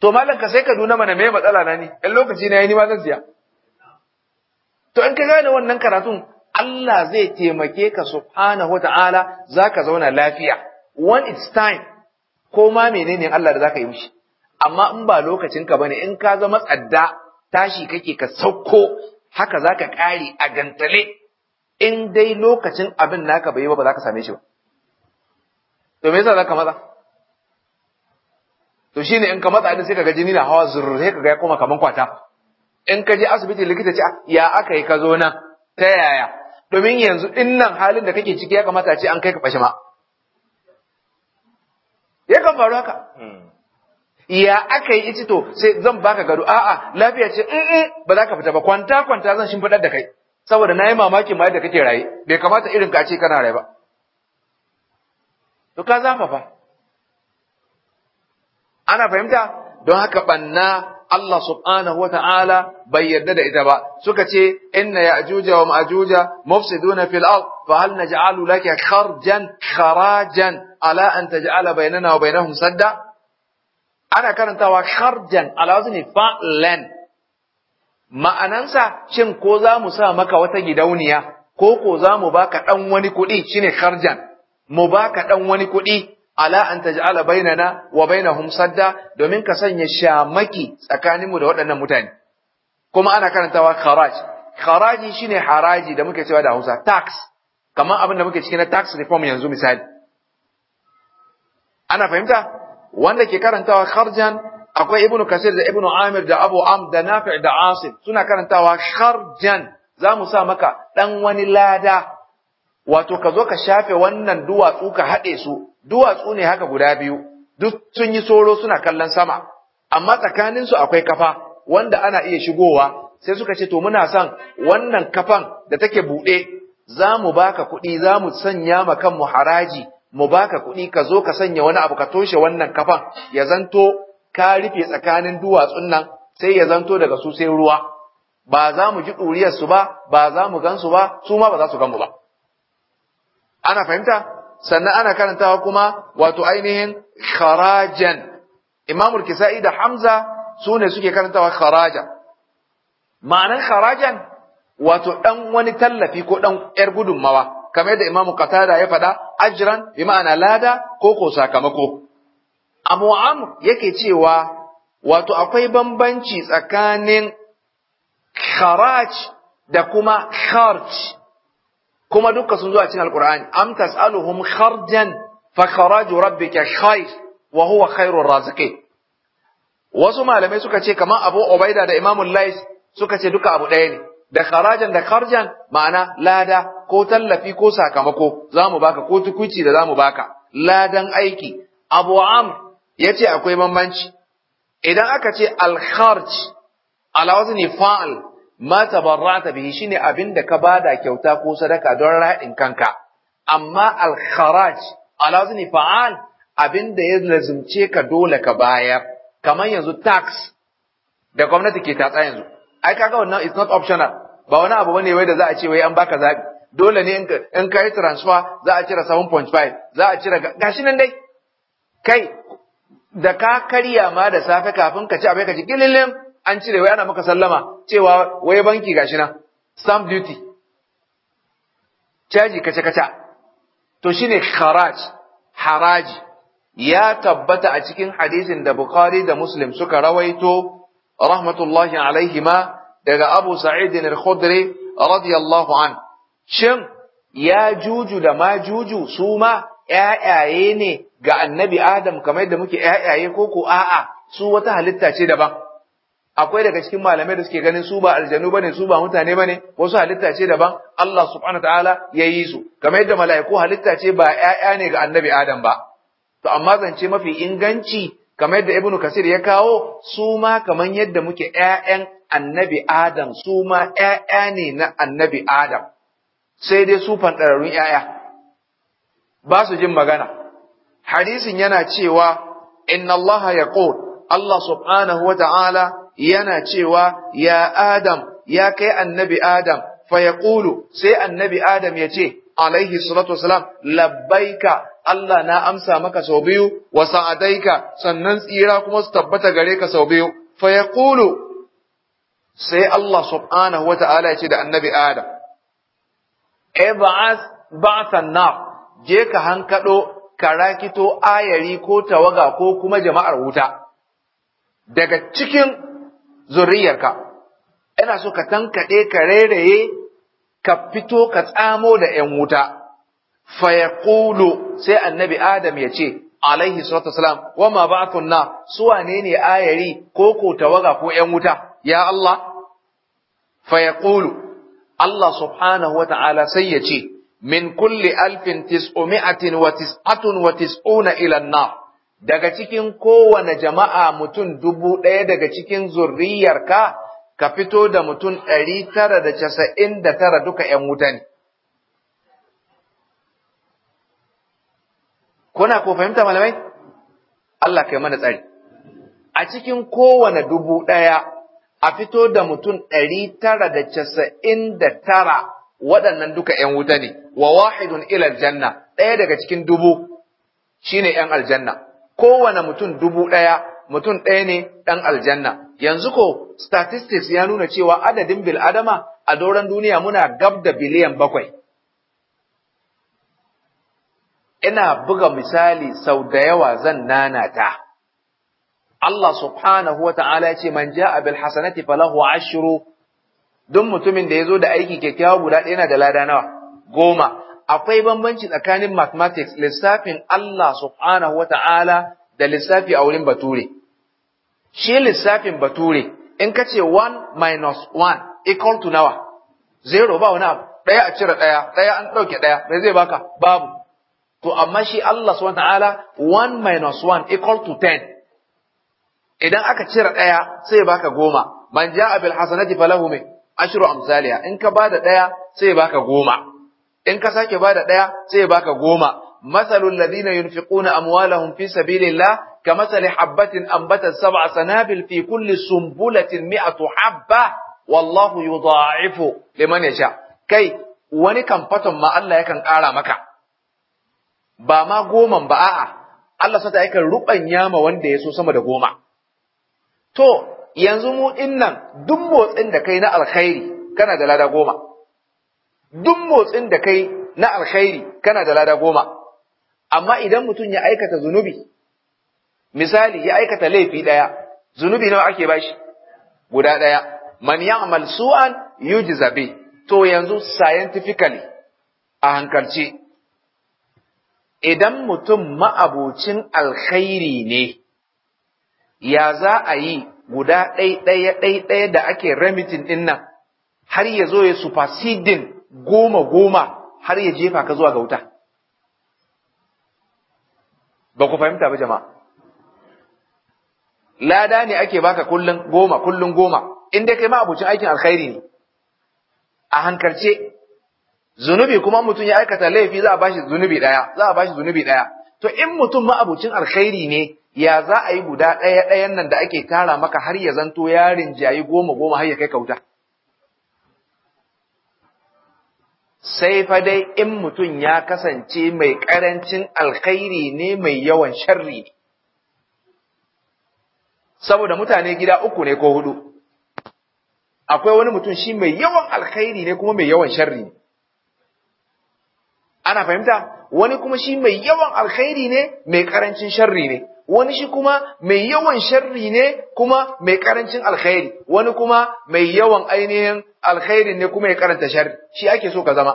to mallan ka sai ka nuna mana me matsala na ni dan lokaci na yi ni ma zan siya to in ka gane wannan karatun Allah zai taimake ka subhanahu wa ta'ala zaka zauna lafiya when it's time ko ma menene Allah da zaka ka yi mishi amma in ba lokacin ka bane in ka zama tsadda tashi kake ka sauko haka zaka kare a gantale in dai lokacin abin naka bai yi ba ba za ka same shi ba to me yasa za maza to ne in ka matsa din sai kaga jini na hawa zurru sai kaga ya koma kaman kwata in ka je asibiti likita ce ah, ya aka yi ka zo nan ta yaya domin yanzu din nan halin da kake ciki ya kamata ce an kai ka bashi ma ya kan faru haka hmm. ya aka yi ita to sai zan baka gado a'a lafiya ce in mm, mm, ba za ka fita ba kwanta kwanta zan shimfiɗar da kai saboda na yi mamakin ma yadda kake raye bai kamata irin ka ce kana raye ba to ka zafafa ana fahimta don haka banna Allah subhanahu wa ta'ala bai yarda da ita ba, suka ce, Inna ya ajuja wa ma'ajuja, mufsiduna fil ard fa hal naj'alu laka kharjan kharajan ala an taj'ala bainana wa bainahum sadda? Ana karantawa kharjan ala wasu ne fa'lan. Ma'anansa, shin ko za mu sa maka wata gidauniya, ko ko za mu baka ɗan wani kuɗi shine kharjan, mu baka ɗan wani kuɗi ala an taj'ala bainana wa bainahum sadda domin ka sanya shamaki tsakaninmu da waɗannan mutane kuma ana karantawa kharaj kharaji shine haraji da muke cewa da Hausa tax kamar abin da muke ciki na tax reform yanzu misali ana fahimta wanda ke karantawa kharjan akwai ibnu kasir da ibnu amir da abu am da nafi' da asim suna karantawa kharjan za mu sa maka dan wani lada wato ka zo ka shafe wannan duwatsu ka haɗe su duwatsu ne haka guda biyu duk sun yi soro suna kallon sama amma tsakaninsu akwai kafa wanda ana iya shigowa sai suka ce to muna son wannan kafan da take buɗe za mu baka kuɗi za mu sanya ma kanmu haraji mu baka kuɗi ka zo ka sanya wani abu ka toshe wannan kafan ya zanto ka rufe tsakanin duwatsun nan sai ya zanto daga su sai ruwa ba za mu ji ɗuriyarsu ba ba za mu gansu ba su ma ba za su gan mu ba ana fahimta sannan ana karantawa kuma wato ainihin kharajan imamul kisa'i da hamza su ne suke karantawa kharaja ma'anar kharajan wato ɗan wani tallafi ko ɗan yar gudunmawa kamar yadda imamu qatada ya faɗa ajran bi ma'ana lada ko ko sakamako abu amr yake cewa wato akwai bambanci tsakanin kharaj da kuma kharj kuma duka sun zo a cikin alqur'ani am tas'aluhum kharjan fa kharaju rabbika khair wa huwa khairur raziqin wasu malamai suka ce kamar Abu Ubaida da Imam Lais suka ce duka abu ɗaya ne da kharajan da kharjan ma'ana lada ko tallafi ko sakamako zamu baka ko tukuci da zamu baka ladan aiki Abu Amr yace akwai bambanci idan aka ce al-kharj ala wazni fa'al ma tabarra'ta bihi shine abin da ka bada kyauta ko sadaka don raɗin kanka amma al-kharaj ala fa'al abin da ya lazumce ka dole ka bayar kamar yanzu tax da gwamnati ke tatsa yanzu ai kaga wannan it's not optional ba wani abu bane wai da za a ce wai an baka zabi dole ne in ka yi transfer za a cire 7.5 za a cire gashi nan dai kai da ka karya ma da safe kafin ka ci abai ka ji gililin an cire wai ana maka sallama cewa wai banki gashi na stamp duty caji kace kaca to shine kharaj haraji ya tabbata a cikin hadisin da Bukhari da Muslim suka rawaito rahmatullahi alaihima daga Abu Sa'id al-Khudri radiyallahu an shin ya juju da ma juju su ma ƴaƴaye ne ga annabi Adam kamar yadda muke ƴaƴaye ko ko a'a su wata halitta ce daban akwai daga cikin malamai da suke ganin su ba aljanu bane su ba mutane bane wasu halitta ce daban Allah subhanahu ta'ala ya yi su kamar yadda mala'iku halitta ce ba ƴaƴa ne ga annabi Adam ba to amma zance mafi inganci kamar yadda ibnu Kasir ya kawo su ma kamar yadda muke ƴaƴan annabi Adam su ma ƴaƴa ne na annabi Adam sai dai su fanɗararun ƴaƴa ba su jin magana hadisin yana cewa inna Allah yaqul Allah subhanahu wa ta'ala yana cewa ya Adam ya kai annabi Adam fa Kulu sai annabi Adam ya ce alaihi salatu wasalam labbaika Allah na amsa maka sau biyu wa sa'adaika sannan tsira kuma su tabbata gare ka sau biyu fa Kulu sai Allah subhanahu Ta'ala ya ce da annabi Adam ib'as ba'san je ka hankado karakito ayari ko tawaga ko kuma jama'ar wuta daga cikin zurriyarka ina so ka tankaɗe ka rairaye ka fito ka tsamo da ‘yan wuta fa yaqulu sai annabi adam ya ce alaihi salatu wasalam wa ma ba'athun na suwa ne ne ayari ko ko tawaga ko ‘yan wuta ya Allah fa Allah subhanahu wa ta'ala sai ya ce min kulli alfin tis'umi'atin wa tis'atun wa tis'una ila nar daga cikin kowane jama'a mutum dubu ɗaya daga cikin zurriyarka ka fito da mutum ɗari tara da casa'in da tara duka ‘yan wuta ne. Kuna ko fahimta malamai? Allah kai mana tsari. A cikin kowane dubu ɗaya a fito da mutum ɗari tara da casa'in da tara waɗannan duka ‘yan wuta ne, wa wahidun ilar janna ɗaya daga cikin dubu shi ne ‘yan aljanna. kowane mutum dubu ɗaya mutum ɗaya ne ɗan aljanna yanzu ko statistics ya nuna cewa adadin bil'adama a doron duniya muna gab da biliyan bakwai ina buga misali sau da yawa zan nanata Allah subhanahu wa ta'ala ce man ja a hasanati falahu ashiru duk mutumin da ya zo da aiki kyakkyawa guda ɗaya na da lada nawa goma akwai bambanci tsakanin mathematics lissafin Allah subhanahu wata'ala da lissafi a wurin bature shi lissafin bature in ka ce 1 minus 1 equal to nawa zero ba wani abu ɗaya a cire ɗaya ɗaya an ɗauke ɗaya mai zai baka babu to amma shi Allah subhanahu wata'ala 1 minus 1 equal to 10 idan aka cire ɗaya sai baka goma man ja'a bil hasanati falahu min ashru amsalha in ka bada ɗaya sai baka goma in ka sake ba da ɗaya sai ya baka goma masalul ladina yunfiquna amwalahum fi sabilillah kamasali habbatin ambatan, sab'a sanabil fi kulli sumbulatin mi'atu habba wallahu yudha'ifu liman yasha kai wani kamfaton ma Allah yakan ƙara maka ba ma goman ba a'a Allah sata yakan ruɓanya ma wanda ya so sama da goma to yanzu mu nan, duk motsin da kai na alkhairi kana da lada goma duk motsin da kai na alkhairi kana da lada goma amma idan mutum ya aikata zunubi misali ya aikata laifi daya zunubi nawa ake bashi guda daya man ya'mal su'an yujza bi to yanzu scientifically a hankalce idan mutum ma'abocin alkhairi ne ya za a yi guda ɗaiɗaya ɗaya da ake remitin ɗin nan har ya zo ya supersedin goma goma har ya jefa ka zuwa ga wuta ba ku fahimta ba jama'a lada ne ake baka kullum goma kullum goma inda kai ma abucin aikin alkhairi ne a hankalce zunubi kuma mutum ya aikata laifi za a bashi zunubi ɗaya, za a bashi zunubi ɗaya to in mutum ma abucin alkhairi ne ya za a yi guda ɗaya ɗayan nan da ake tara maka har ya zanto yarin jayi goma goma har ya kai kauta sai fa dai in mutum ya kasance mai ƙarancin alkhairi ne mai yawan sharri Saboda mutane gida uku ne ko hudu, akwai wani mutum shi mai yawan alkhairi ne kuma mai yawan sharri Ana fahimta, wani kuma shi mai yawan alkhairi ne mai ƙarancin sharri ne. wani shi kuma mai yawan sharri ne kuma mai karancin alkhairi wani kuma mai yawan ainihin alkhairi ne kuma ya karanta sharri shi ake so ka zama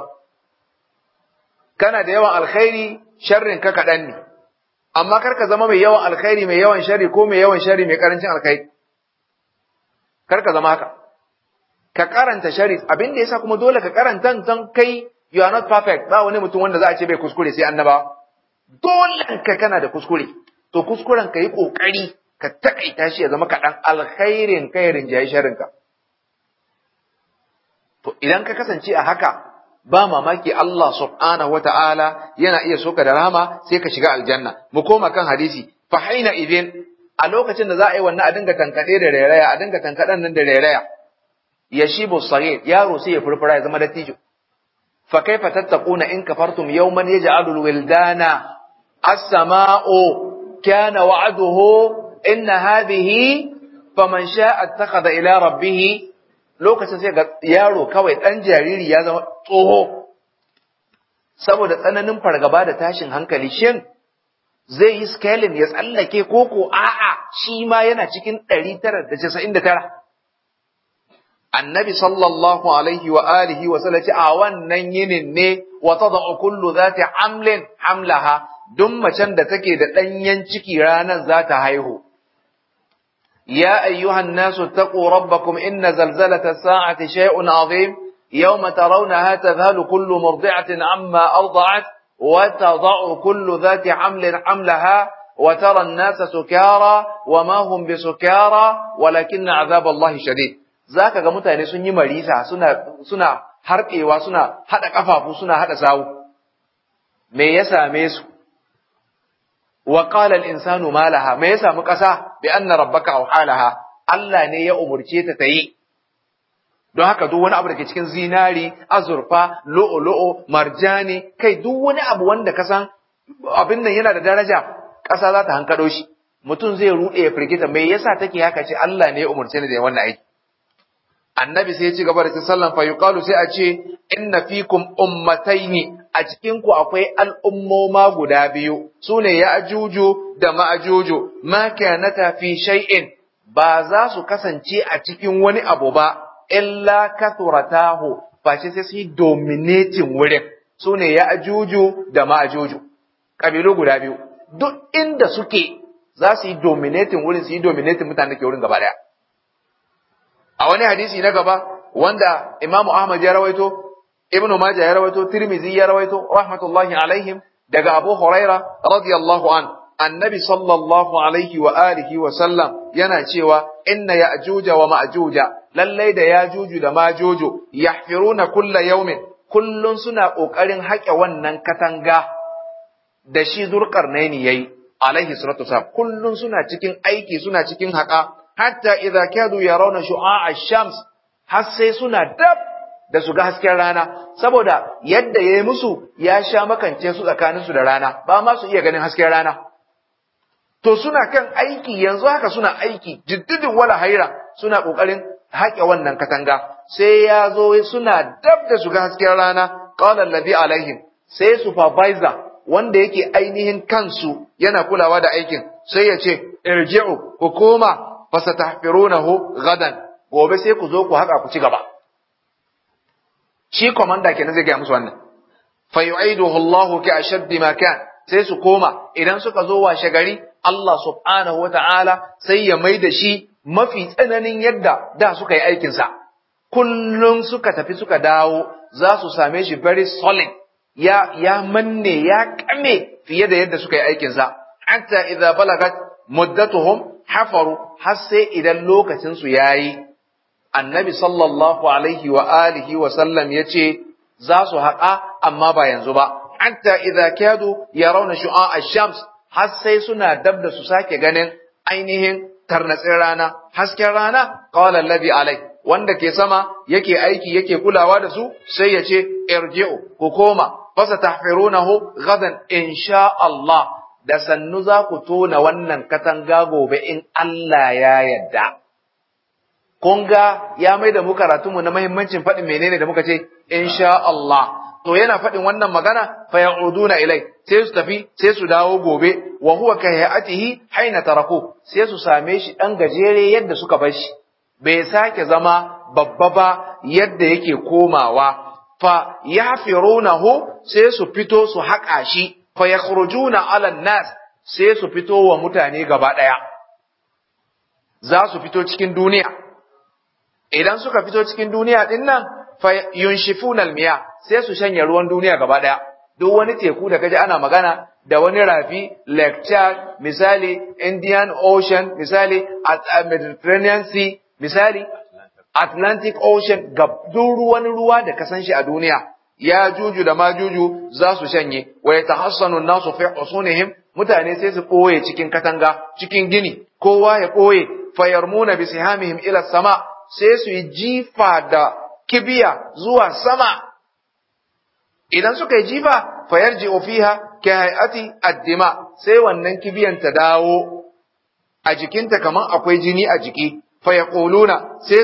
kana da yawan alkhairi sharrin ka kaɗan ne amma kar ka zama mai yawan alkhairi mai yawan sharri ko mai yawan sharri mai karancin alkhairi kar ka zama haka ka karanta sharri abin da yasa kuma dole ka karanta don kai you are not perfect ba wani mutum wanda za a ce bai kuskure sai annaba dole ka kana da kuskure to kuskuren ka yi ƙoƙari ka taƙaita shi ya zama kaɗan alkhairin kai rinjaye sharinka. To idan ka kasance a haka ba mamaki Allah subhanahu Ta'ala yana iya soka da rahama sai ka shiga aljanna. Mu koma kan hadisi fa idin a lokacin da za a yi wannan a dinga tankaɗe da rairaya a dinga tankaɗen nan da rairaya. Ya shi yaro sai ya furfura ya zama dattijo. Fa kaifa tattaquna in kafartum yawman yaj'alul wildana as-sama'u kana wa'aduhu inna hadhihi faman sha'a attakhadha ila rabbih lokacin sai ga yaro kawai ɗan jariri ya zama tsoho saboda tsananin fargaba da tashin hankali shin zai yi scaling ya tsallake koko a'a shi ma yana cikin 999 annabi sallallahu alaihi wa alihi wa sallam a wannan yinin ne wa tad'u kullu zati hamlin hamlaha duk macen da take da danyen ciki ranar za ta haihu. Ya ayyuhan nasu taqu rabbakum inna zalzalata sa'ati shay'un azim yawma tarawnaha tadhalu kullu murdi'atin amma arda'at wa tad'u kullu dhati hamlin amlaha wa tara an-nasa sukara wa ma hum bisukara walakin 'adhab Allah shadid zaka ga mutane sun yi marisa suna suna harkewa suna hada kafafu suna hada sawu me ya same su wa qala al-insanu ma laha me ya samu ƙasa bi anna rabbaka awhalaha Allah ne ya umurce ta tayi. don haka duk wani abu da ke cikin zinari azurfa lo'o-lo'o marjani kai duk wani abu wanda ka san abin nan yana da daraja ƙasa za ta hankado shi mutum zai rude ya firgita me yasa take haka ce Allah ne ya umarce ni da wannan aiki annabi sai ya ci gaba da sallan fa yuqalu sai a ce inna fikum ummataini a cikinku akwai al'ummoma guda biyu, su ne ya ajuju da ma'ajuju, ma kyanata fi shay'in ba za su kasance a cikin wani abu ba, illa kasuratahu face sai su yi dominatin wurin, su ne ya ajuju da ma'ajuju, ƙabilu guda biyu, duk inda suke za su yi dominatin wurin su yi dominatin mutane ke wurin gaba daya. A wani hadisi na gaba, wanda Imam Ahmad ya rawaito, ibnu majah ya rawaito tirmizi ya rawaito rahmatullahi alaihim daga abu huraira radiyallahu an annabi sallallahu alaihi wa alihi wa sallam yana cewa inna ya'juja wa ma'juja lallai da yajuju da majuju yahfiruna kulla yaumin kullun suna kokarin haƙe wannan katanga da shi zulqarnaini yayi alaihi salatu wasalam kullun suna cikin aiki suna cikin haƙa hatta idza kadu yarawna rauna ash-shams har sai suna dab da su ga hasken rana saboda yadda ya yi musu ya sha makance su tsakanin su da rana ba ma su iya ganin hasken rana to suna kan aiki yanzu haka suna aiki jiddidin wala haira suna ƙoƙarin haƙe wannan katanga sai ya zo suna dab da su ga hasken rana qala nabi alaihim sai supervisor wanda yake ainihin kansu yana kulawa da aikin sai ya ce irji'u ku koma fasatahfirunahu gadan gobe sai ku zo ku haƙa ku ci gaba shi komanda kenan zai gaya musu wannan fa yu'iduhu Allahu ka ashaddi ma kan sai su koma idan suka zo washe gari Allah subhanahu wata'ala sai ya mai da shi mafi tsananin yadda da suka yi aikin sa kullum suka tafi suka dawo za su same shi very solid ya ya manne ya kame fiye da yadda suka yi aikin sa hatta idza balagat muddatuhum hafaru har sai idan lokacin su yayi annabi sallallahu alaihi wa alihi wa sallam ya ce za su haƙa amma ba yanzu ba hatta idza kadu yarawna shu'a a shams har sai suna dab da su sake ganin ainihin tarnatsin rana hasken rana qala alladhi alai wanda ke sama yake aiki yake kulawa da su sai ya ce irji'u ku koma fasa tahfirunahu gadan insha Allah da sannu za ku tona wannan katanga gobe in Allah ya yadda Kunga ga ya mai da mu karatunmu na mahimmancin faɗin menene da muka ce insha Allah to yana faɗin wannan magana fa ya'uduna ilai sai su tafi sai su dawo gobe wa huwa ka hayatihi haina tarako sai su same shi ɗan gajere yadda suka bar shi bai sake zama babba ba yadda yake komawa fa yafirunahu sai su fito su haƙa shi fa yakhrujuna ala nas sai su fito wa mutane gaba ɗaya za su fito cikin duniya idan suka fito cikin duniya ɗin nan fa yunshifuna almiya sai su shanye ruwan duniya gaba ɗaya. duk wani teku da kaji ana magana da wani rafi Lake Chad misali Indian Ocean misali uh, Mediterranean Sea misali Atlantic Ocean ga duk ruwan ruwa da ka san shi a duniya ya juju da majuju za su shanye wa ya tahassanu nasu fi usunihim mutane sai su koye cikin katanga cikin gini kowa ya koye fayarmuna bi sihamihim ila sama sai su yi jifa da kibiya zuwa sama idan suka yi jifa fayar ji ofiha ke hai'ati addima sai wannan kibiyan ta dawo a jikinta kamar akwai jini a jiki faya ƙoluna sai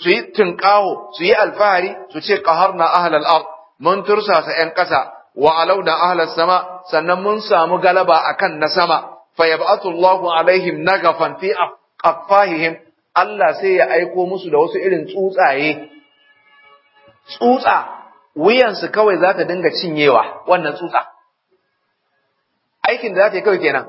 su yi tunƙaho su yi alfahari su ce ƙahar na ahalar ar mun tursasa ‘yan ƙasa wa alau na ahalar sama sannan mun samu galaba akan na sama faya ba'atullahu alaihim na gafan fi Allah sai ya aiko musu da wasu irin tsutsaye, tsutsa wuyansu kawai za ta dinga cinyewa wannan tsutsa. Aikin da za ta yi kawai kenan,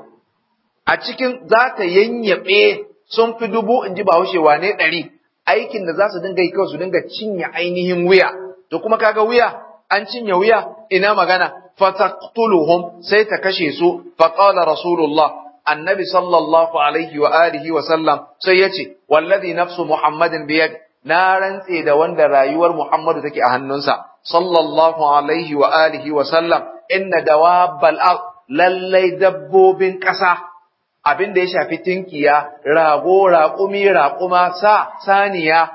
a cikin za ta yanyaɓe sun fi dubu in ji ba ne ɗari, aikin da za su dinga yi kawai su dinga cinye ainihin wuya, to kuma kaga wuya, an cinye wuya ina magana, fataktuluhum sai ta kashe su, faƙala Rasulullah annabi sallallahu alaihi wa alihi wa sallam sai yace wallazi nafsu muhammadin biyad na rantse da wanda rayuwar muhammadu take a hannunsa sallallahu alaihi wa alihi wa sallam inna dawabbal ard lallai dabbobin ƙasa abin da ya shafi tinkiya rago raƙumi raƙuma sa saniya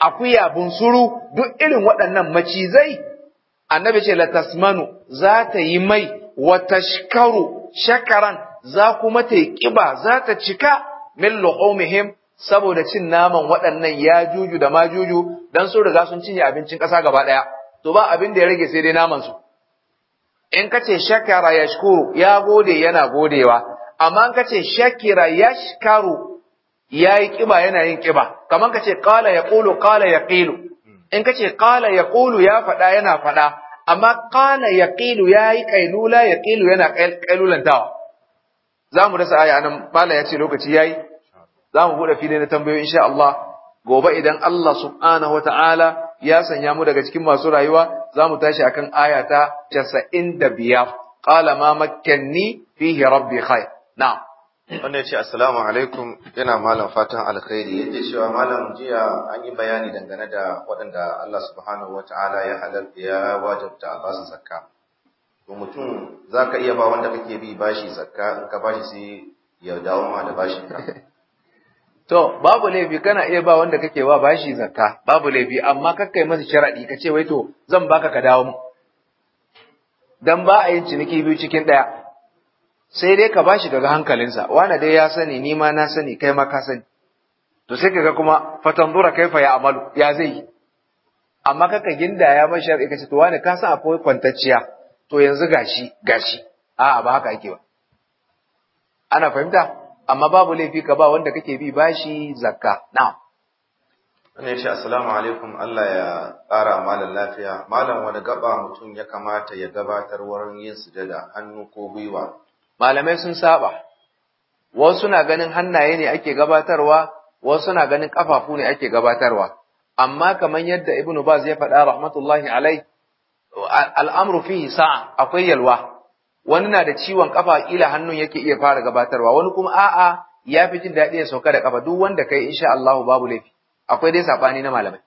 akuya bunsuru duk irin waɗannan macizai annabi ce la tasmanu za ta yi mai wa tashkaru shakaran za kuma ta yi ƙiba za ta cika min luhumihim saboda cin naman waɗannan ya juju da ma juju dan sun riga sun cinye abincin ƙasa gaba ɗaya to ba abin da ya rage sai dai naman su in kace shakara yashkuru ya gode yana godewa amma in kace shakira yashkaru yayi kiba yana yin kiba kamar kace qala yaqulu qala yaqilu in kace qala yaqulu ya faɗa yana faɗa amma qala yaqilu yayi qailula yaqilu yana qailulantawa za mu rasa aya nan bala ya ce lokaci yayi za mu bude fili na tambayoyi insha Allah gobe idan Allah subhanahu wataala ya sanya mu daga cikin masu rayuwa za mu tashi akan aya ta 95 qala ma makkanni fihi rabbi khair na'am Wannan ya ce assalamu alaikum yana malam fatan alkhairi yake cewa malam jiya an yi bayani dangane da waɗanda Allah subhanahu wataala ya halal ya wajabta a basu zakka to mutum za ka iya ba wanda kake bi bashi zakka in ka bashi sai ya dawo ma da bashi ka to babu laifi kana iya ba wanda kake wa bashi zakka babu laifi amma kakkai masa sharadi ka ce wai to zan baka ka dawo mu dan ba a yin ciniki biyu cikin daya sai dai ka bashi daga hankalinsa wani dai ya sani ni ma na sani kai ma ka sani to sai kaga kuma kai fa ya amalu ya zai amma kaka ginda ya mashi shar'i kace to wani ka san akwai kwantacciya to yanzu gashi gashi a'a ba haka ake ba ana fahimta amma babu laifi ka ba wanda kake bi bashi zakka na'am wannan shi assalamu alaikum Allah ya ƙara malam lafiya malam wani gaba mutum ya kamata ya gabatar wurin yin daga hannu ko gwiwa malamai sun saba wasu na ganin hannaye ne ake gabatarwa wasu na ganin kafafu ne ake gabatarwa amma kamar yadda ibnu baz ya faɗa rahmatullahi alaihi. al'amru fihi sa'a akwai yalwa wani na da ciwon kafa kila hannun yake iya fara gabatarwa wani kuma a'a ya fi jin daɗi ya sauka da kafa duk wanda kai insha Allah babu laifi akwai dai saɓani na malamai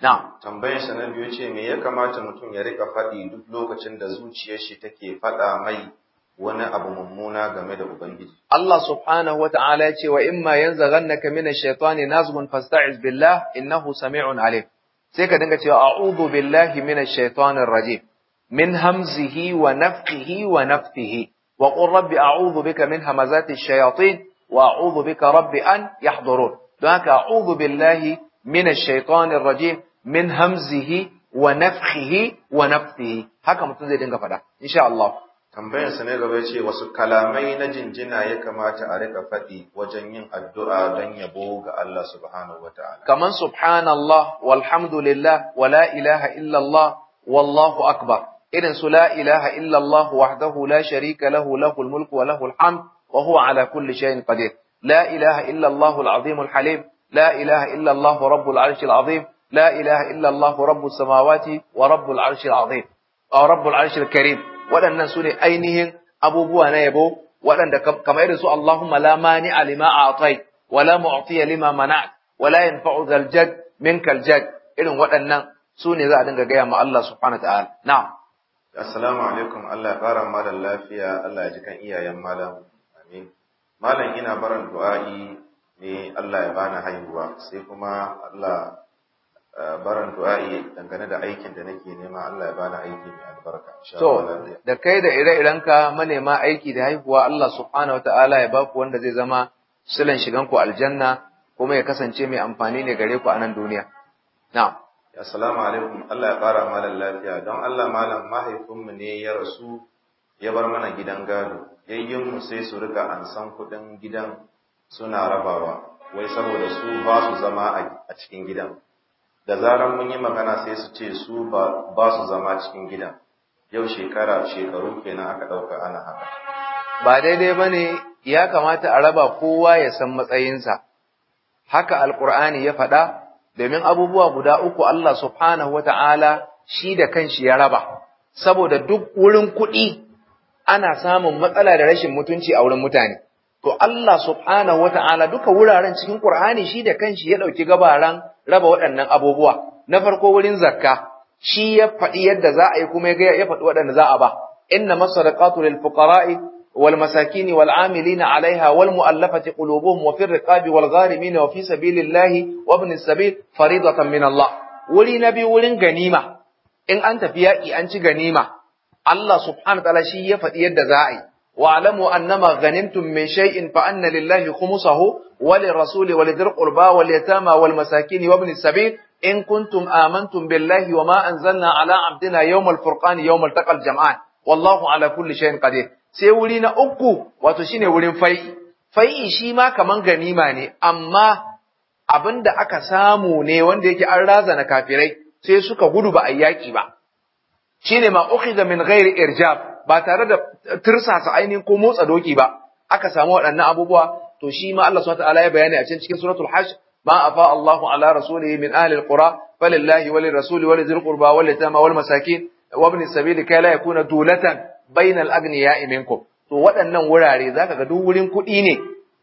na tambayar sa na biyu ce me ya kamata mutum ya rika faɗi duk lokacin da zuciyar shi take faɗa mai wani abu mummuna game da ubangiji Allah subhanahu wata'ala ya ce wa imma yanzaghannaka mina shaitani nazmun fasta'iz billah innahu sami'un alim sai ka dinga cewa a'udhu billahi minash shaitanir rajim min hamzihi wa nafthihi wa nafthihi wa qur rabbi a'udhu bika min hamazati shayatin wa a'udhu bika rabbi an yahdurun don haka a'udhu billahi minash shaitanir rajim min hamzihi wa nafthihi wa nafthihi haka mutum zai dinga faɗa insha Allah tambayarsa ne gaba ce wasu kalamai na jinjina ya kamata a rika faɗi wajen yin addu'a don yabo ga Allah subhanahu wata'ala. Kaman subhanallah walhamdulillah wa la ilaha illallah wallahu akbar irin su la ilaha illallah wahdahu la sharika lahu lahul mulku wa lahul hamd wa huwa ala kulli shay'in qadir la ilaha illallah al-azim al-halim la ilaha illallah rabbul arshi al-azim la ilaha illallah rabbus samawati wa rabbul arshi al-azim aw rabbul arshi al-karim waɗannan su ne ainihin abubuwa na yabo waɗanda kamar irin su Allahumma la mani'a lima a'tai wa la mu'tiya lima mana. wa la yanfa'u zal jad minkal jad irin waɗannan su ne za a dinga gaya ma Allah subhanahu wa ta'ala na'am assalamu alaikum Allah ya fara malam lafiya Allah ya ji kan iyayen malam amin malam ina baran du'a'i ne Allah ya bani haihuwa sai kuma Allah Eh, baran du'a'i dangane da aikin da nake nema Allah ya bani aiki mai albarka to da kai da ire-iren ka manema aiki da haihuwa Allah subhanahu Ta'ala ya baku wanda zai zama silan shigan ku aljanna kuma ya kasance mai amfani ne gare ku a nan duniya na'am assalamu alaikum Allah ya fara malam lafiya don Allah malam mu ne ya rasu ya bar mana gidan gado yayyin mu sai su rika ansan kuɗin gidan suna rabawa wai saboda su ba su zama a cikin gidan da zaran mun yi magana sai su ce su ba su zama cikin gida yau shekara shekaru kenan aka ɗauka ana haka ba daidai ba ne ya kamata a raba kowa ya san matsayinsa haka alkur'ani ya faɗa domin abubuwa guda uku Allah subhanahu Ta'ala shi da kanshi ya raba saboda duk wurin kuɗi ana samun matsala da rashin mutunci a wurin mutane To Allah subhanahu wata'ala duka wuraren cikin ƙur'ani shi da kanshi ya ɗauki gabaran raba waɗannan abubuwa. Na farko wurin zakka, shi ya faɗi yadda za a yi kuma ya ya faɗi waɗanda za a ba. Inna masadaqatu lil fuqara'i wal masakini wal amilina 'alaiha wal mu'allafati qulubuhum wa fir riqabi wal gharimin wa fi sabilillahi wa ibn sabil faridatan min Allah. Wuri na biyu wurin ganima. In an tafi yaƙi an ci ganima. Allah subhanahu wa ta'ala shi ya faɗi yadda za a yi. واعلموا أنما غنمتم من شيء فأن لله خمسه وللرسول ولذي القربى واليتامى والمساكين وابن السبيل إن كنتم آمنتم بالله وما أنزلنا على عبدنا يوم الفرقان يوم التقى الجمعان والله على كل شيء قدير sai wuri na uku wato shine wurin fai'i fai'i shi ma kaman ganima ne amma abin da aka samu ne wanda yake an razana kafirai sai suka gudu ba a yaƙi ba shine ma ukhiza min ghairi irjab ba tare da tirsasa ainihin ko motsa doki ba aka samu waɗannan abubuwa to shi ma Allah subhanahu wataala ya bayani a cikin suratul hajj ما أفاء الله على رسوله من أهل القرى فلله وللرسول ولذي القربى واليتامى والمساكين وابن السبيل كي لا يكون دولة بين الأغنياء منكم to waɗannan wurare za ka ga duk wurin kuɗi ne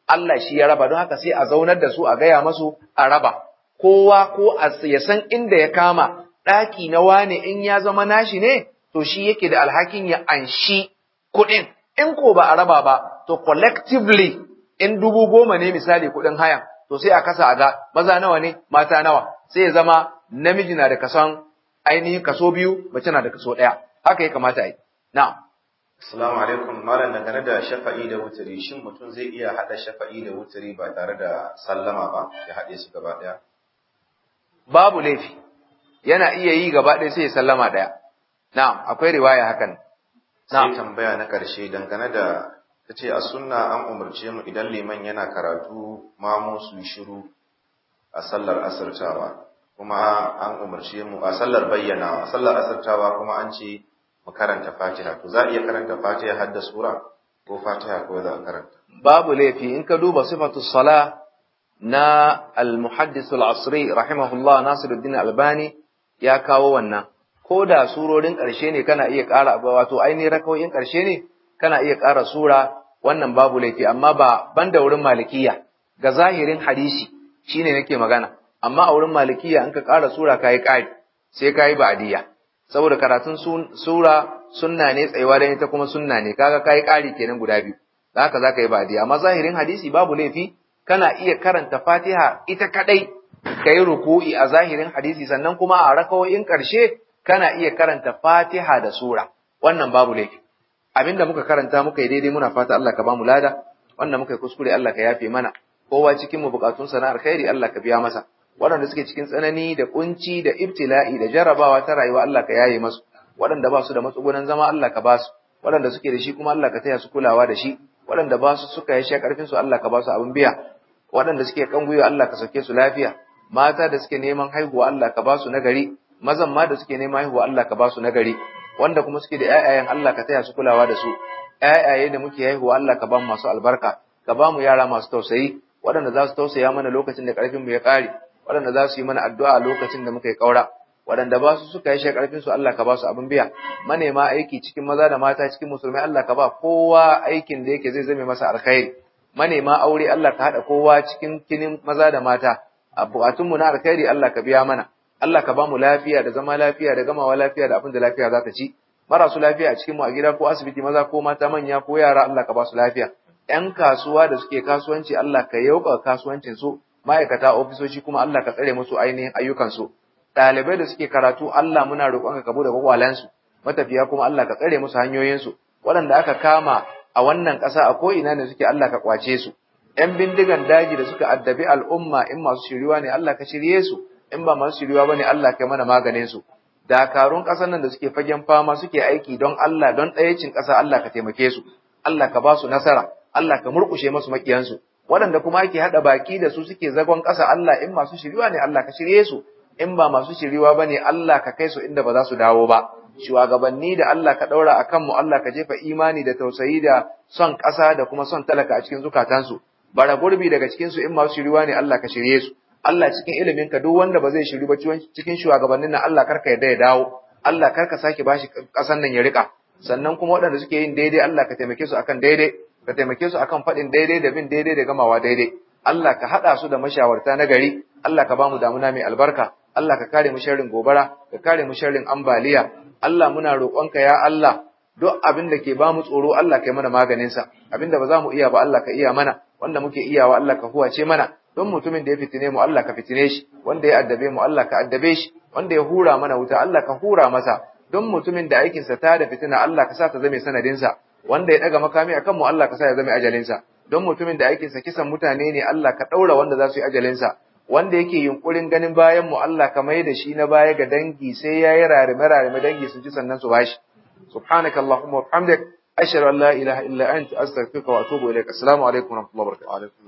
Allah shi ya raba don haka sai a zaunar da su a gaya masu a raba kowa ko a ya san inda ya kama ɗaki na wane in ya zama nashi ne to shi yake da alhakin ya anshi kuɗin in ko ba a raba ba to collectively in dubu goma ne misali kuɗin hayan to sai a kasa a ga maza nawa ne mata nawa sai ya zama namiji na da kason ainihin kaso biyu mace na da kaso ɗaya haka ya kamata yi na'am assalamu alaikum malam dangane da shafa'i da wutari shin mutum zai iya haɗa shafa'i da wutari ba tare da sallama ba ya haɗe su gaba ɗaya babu laifi yana iya yi gaba ɗaya sai ya sallama ɗaya na'am akwai riwaya hakan na'am tambaya na ƙarshe, dangane da tace a sunna an umarce mu idan liman yana karatu mamu su shiru a sallar asirtawa kuma an umarce mu a sallar bayyana a sallar asirtawa kuma an ce mu karanta fatiha to za a iya karanta fatiha har da sura ko fatiha ko za a karanta babu laifi in ka duba sifatu sala na al-muhaddis al-asri rahimahullah nasiruddin albani ya kawo wannan ko da surorin ƙarshe ne kana iya ƙara wato aini rakawoyin ƙarshe ne kana iya ƙara sura wannan babu laifi amma ba ban da wurin malikiya ga zahirin hadisi shine nake magana amma a wurin malikiya in ka ƙara sura kayi ƙari sai kayi ba'diyya saboda karatun sura sunna ne tsayuwa da ita kuma sunna ne kaga kayi ƙari kenan guda biyu ka haka zaka yi ba'diyya amma zahirin hadisi babu laifi kana iya karanta Fatiha ita kadai kayi ruku'i a zahirin hadisi sannan kuma a rakawoyin ƙarshe kana iya karanta Fatiha da sura wannan babu laifi abinda muka karanta muka yi daidai muna fata Allah ka bamu lada wanda muka yi kuskure Allah ka yafe mana kowa cikin mu bukatun sana alkhairi Allah ka biya masa waɗanda suke cikin tsanani da kunci da ibtila'i da jarabawa ta rayuwa Allah ka yaye masu waɗanda ba su da matsugunan zama Allah ka ba su waɗanda suke da shi kuma Allah ka taya su kulawa da shi waɗanda ba su suka yi sha ƙarfin su Allah ka ba su abin biya waɗanda suke kan gwiwa Allah ka sauke su lafiya mata da suke neman haihuwa Allah ka ba su nagari mazan ma da suke nema haihuwa Allah ka ba su nagari wanda kuma suke da ƴaƴayen Allah ka taya su kulawa da su ƴaƴaye da muke haihuwa Allah ka ba mu masu albarka ka ba mu yara masu tausayi waɗanda za su tausaya mana lokacin da ƙarfin mu ya ƙare waɗanda za su yi mana addu'a a lokacin da muka yi ƙaura waɗanda ba su suka yi ƙarfin su Allah ka ba su abin biya manema aiki cikin maza da mata cikin musulmai Allah ka ba kowa aikin da yake zai zame masa alkhairi manema aure Allah ka haɗa kowa cikin kinin maza da mata a buƙatunmu na alkhairi Allah ka biya mana Allah ka ba mu lafiya da zama lafiya da gamawa lafiya da abin da lafiya za ta ci marasu lafiya a cikin mu a gida ko asibiti maza ko mata manya ko yara Allah ka ba su lafiya Yan kasuwa da suke kasuwanci Allah ka yauka kasuwancin su ma'aikata ofisoshi kuma Allah ka tsare musu ainihin ayyukansu. ɗalibai da suke karatu Allah muna roƙon ka kabo da kwakwalen matafiya kuma Allah ka tsare musu hanyoyinsu waɗanda aka kama a wannan ƙasa a ko ina ne suke Allah ka kwace su Yan bindigan daji da suka addabi al'umma in masu shiriwa ne Allah ka shirye su in ba masu shiriwa ne Allah kai mana maganin su dakarun ƙasar nan da suke fagen fama suke aiki don Allah don ɗayacin ƙasa Allah ka taimake su Allah ka ba su nasara Allah ka murƙushe masu makiyansu waɗanda kuma ake haɗa baki da su suke zagon ƙasa Allah in masu shiriwa ne Allah ka shirye su in ba masu shiriwa ne, Allah ka kai su inda ba za su dawo ba shugabanni da Allah ka ɗaura a kanmu Allah ka jefa imani da tausayi da son ƙasa da kuma son talaka a cikin zukatansu bara gurbi daga cikinsu in masu shiriwa ne Allah ka shirye su Allah cikin ilimin ka duk wanda ba zai shiru ba cikin shugabannin nan Allah karka yarda ya dawo Allah karka sake bashi kasan nan ya rika sannan kuma waɗanda suke yin daidai Allah ka taimake su akan daidai ka taimake su akan faɗin daidai da bin daidai da gamawa daidai Allah ka haɗa su da mashawarta na gari Allah ka ba mu damuna mai albarka Allah ka kare mu sharrin gobara ka kare mu sharrin ambaliya Allah muna roƙonka ya Allah duk abin da ke ba mu tsoro Allah ka yi mana maganinsa abin da ba za mu iya ba Allah ka iya mana wanda muke iyawa Allah ka huwace mana don mutumin da ya fitine mu Allah ka fitine shi wanda ya addabe mu Allah ka addabe shi wanda ya hura mana wuta Allah ka hura masa don mutumin da aikinsa ta da fitina Allah ka sa ta zame sanadinsa wanda ya daga makami akan mu Allah ka sa ya zame ajalinsa don mutumin da aikinsa kisan mutane ne Allah ka daura wanda za su yi ajalinsa wanda yake yunkurin ganin bayan mu Allah ka mai da shi na baya ga dangi sai yayi rarime rarime dangi sun ci sannan su bashi subhanaka allahumma wa bihamdik ashhadu an la ilaha illa anta astaghfiruka wa atubu ilaik assalamu alaikum wa rahmatullahi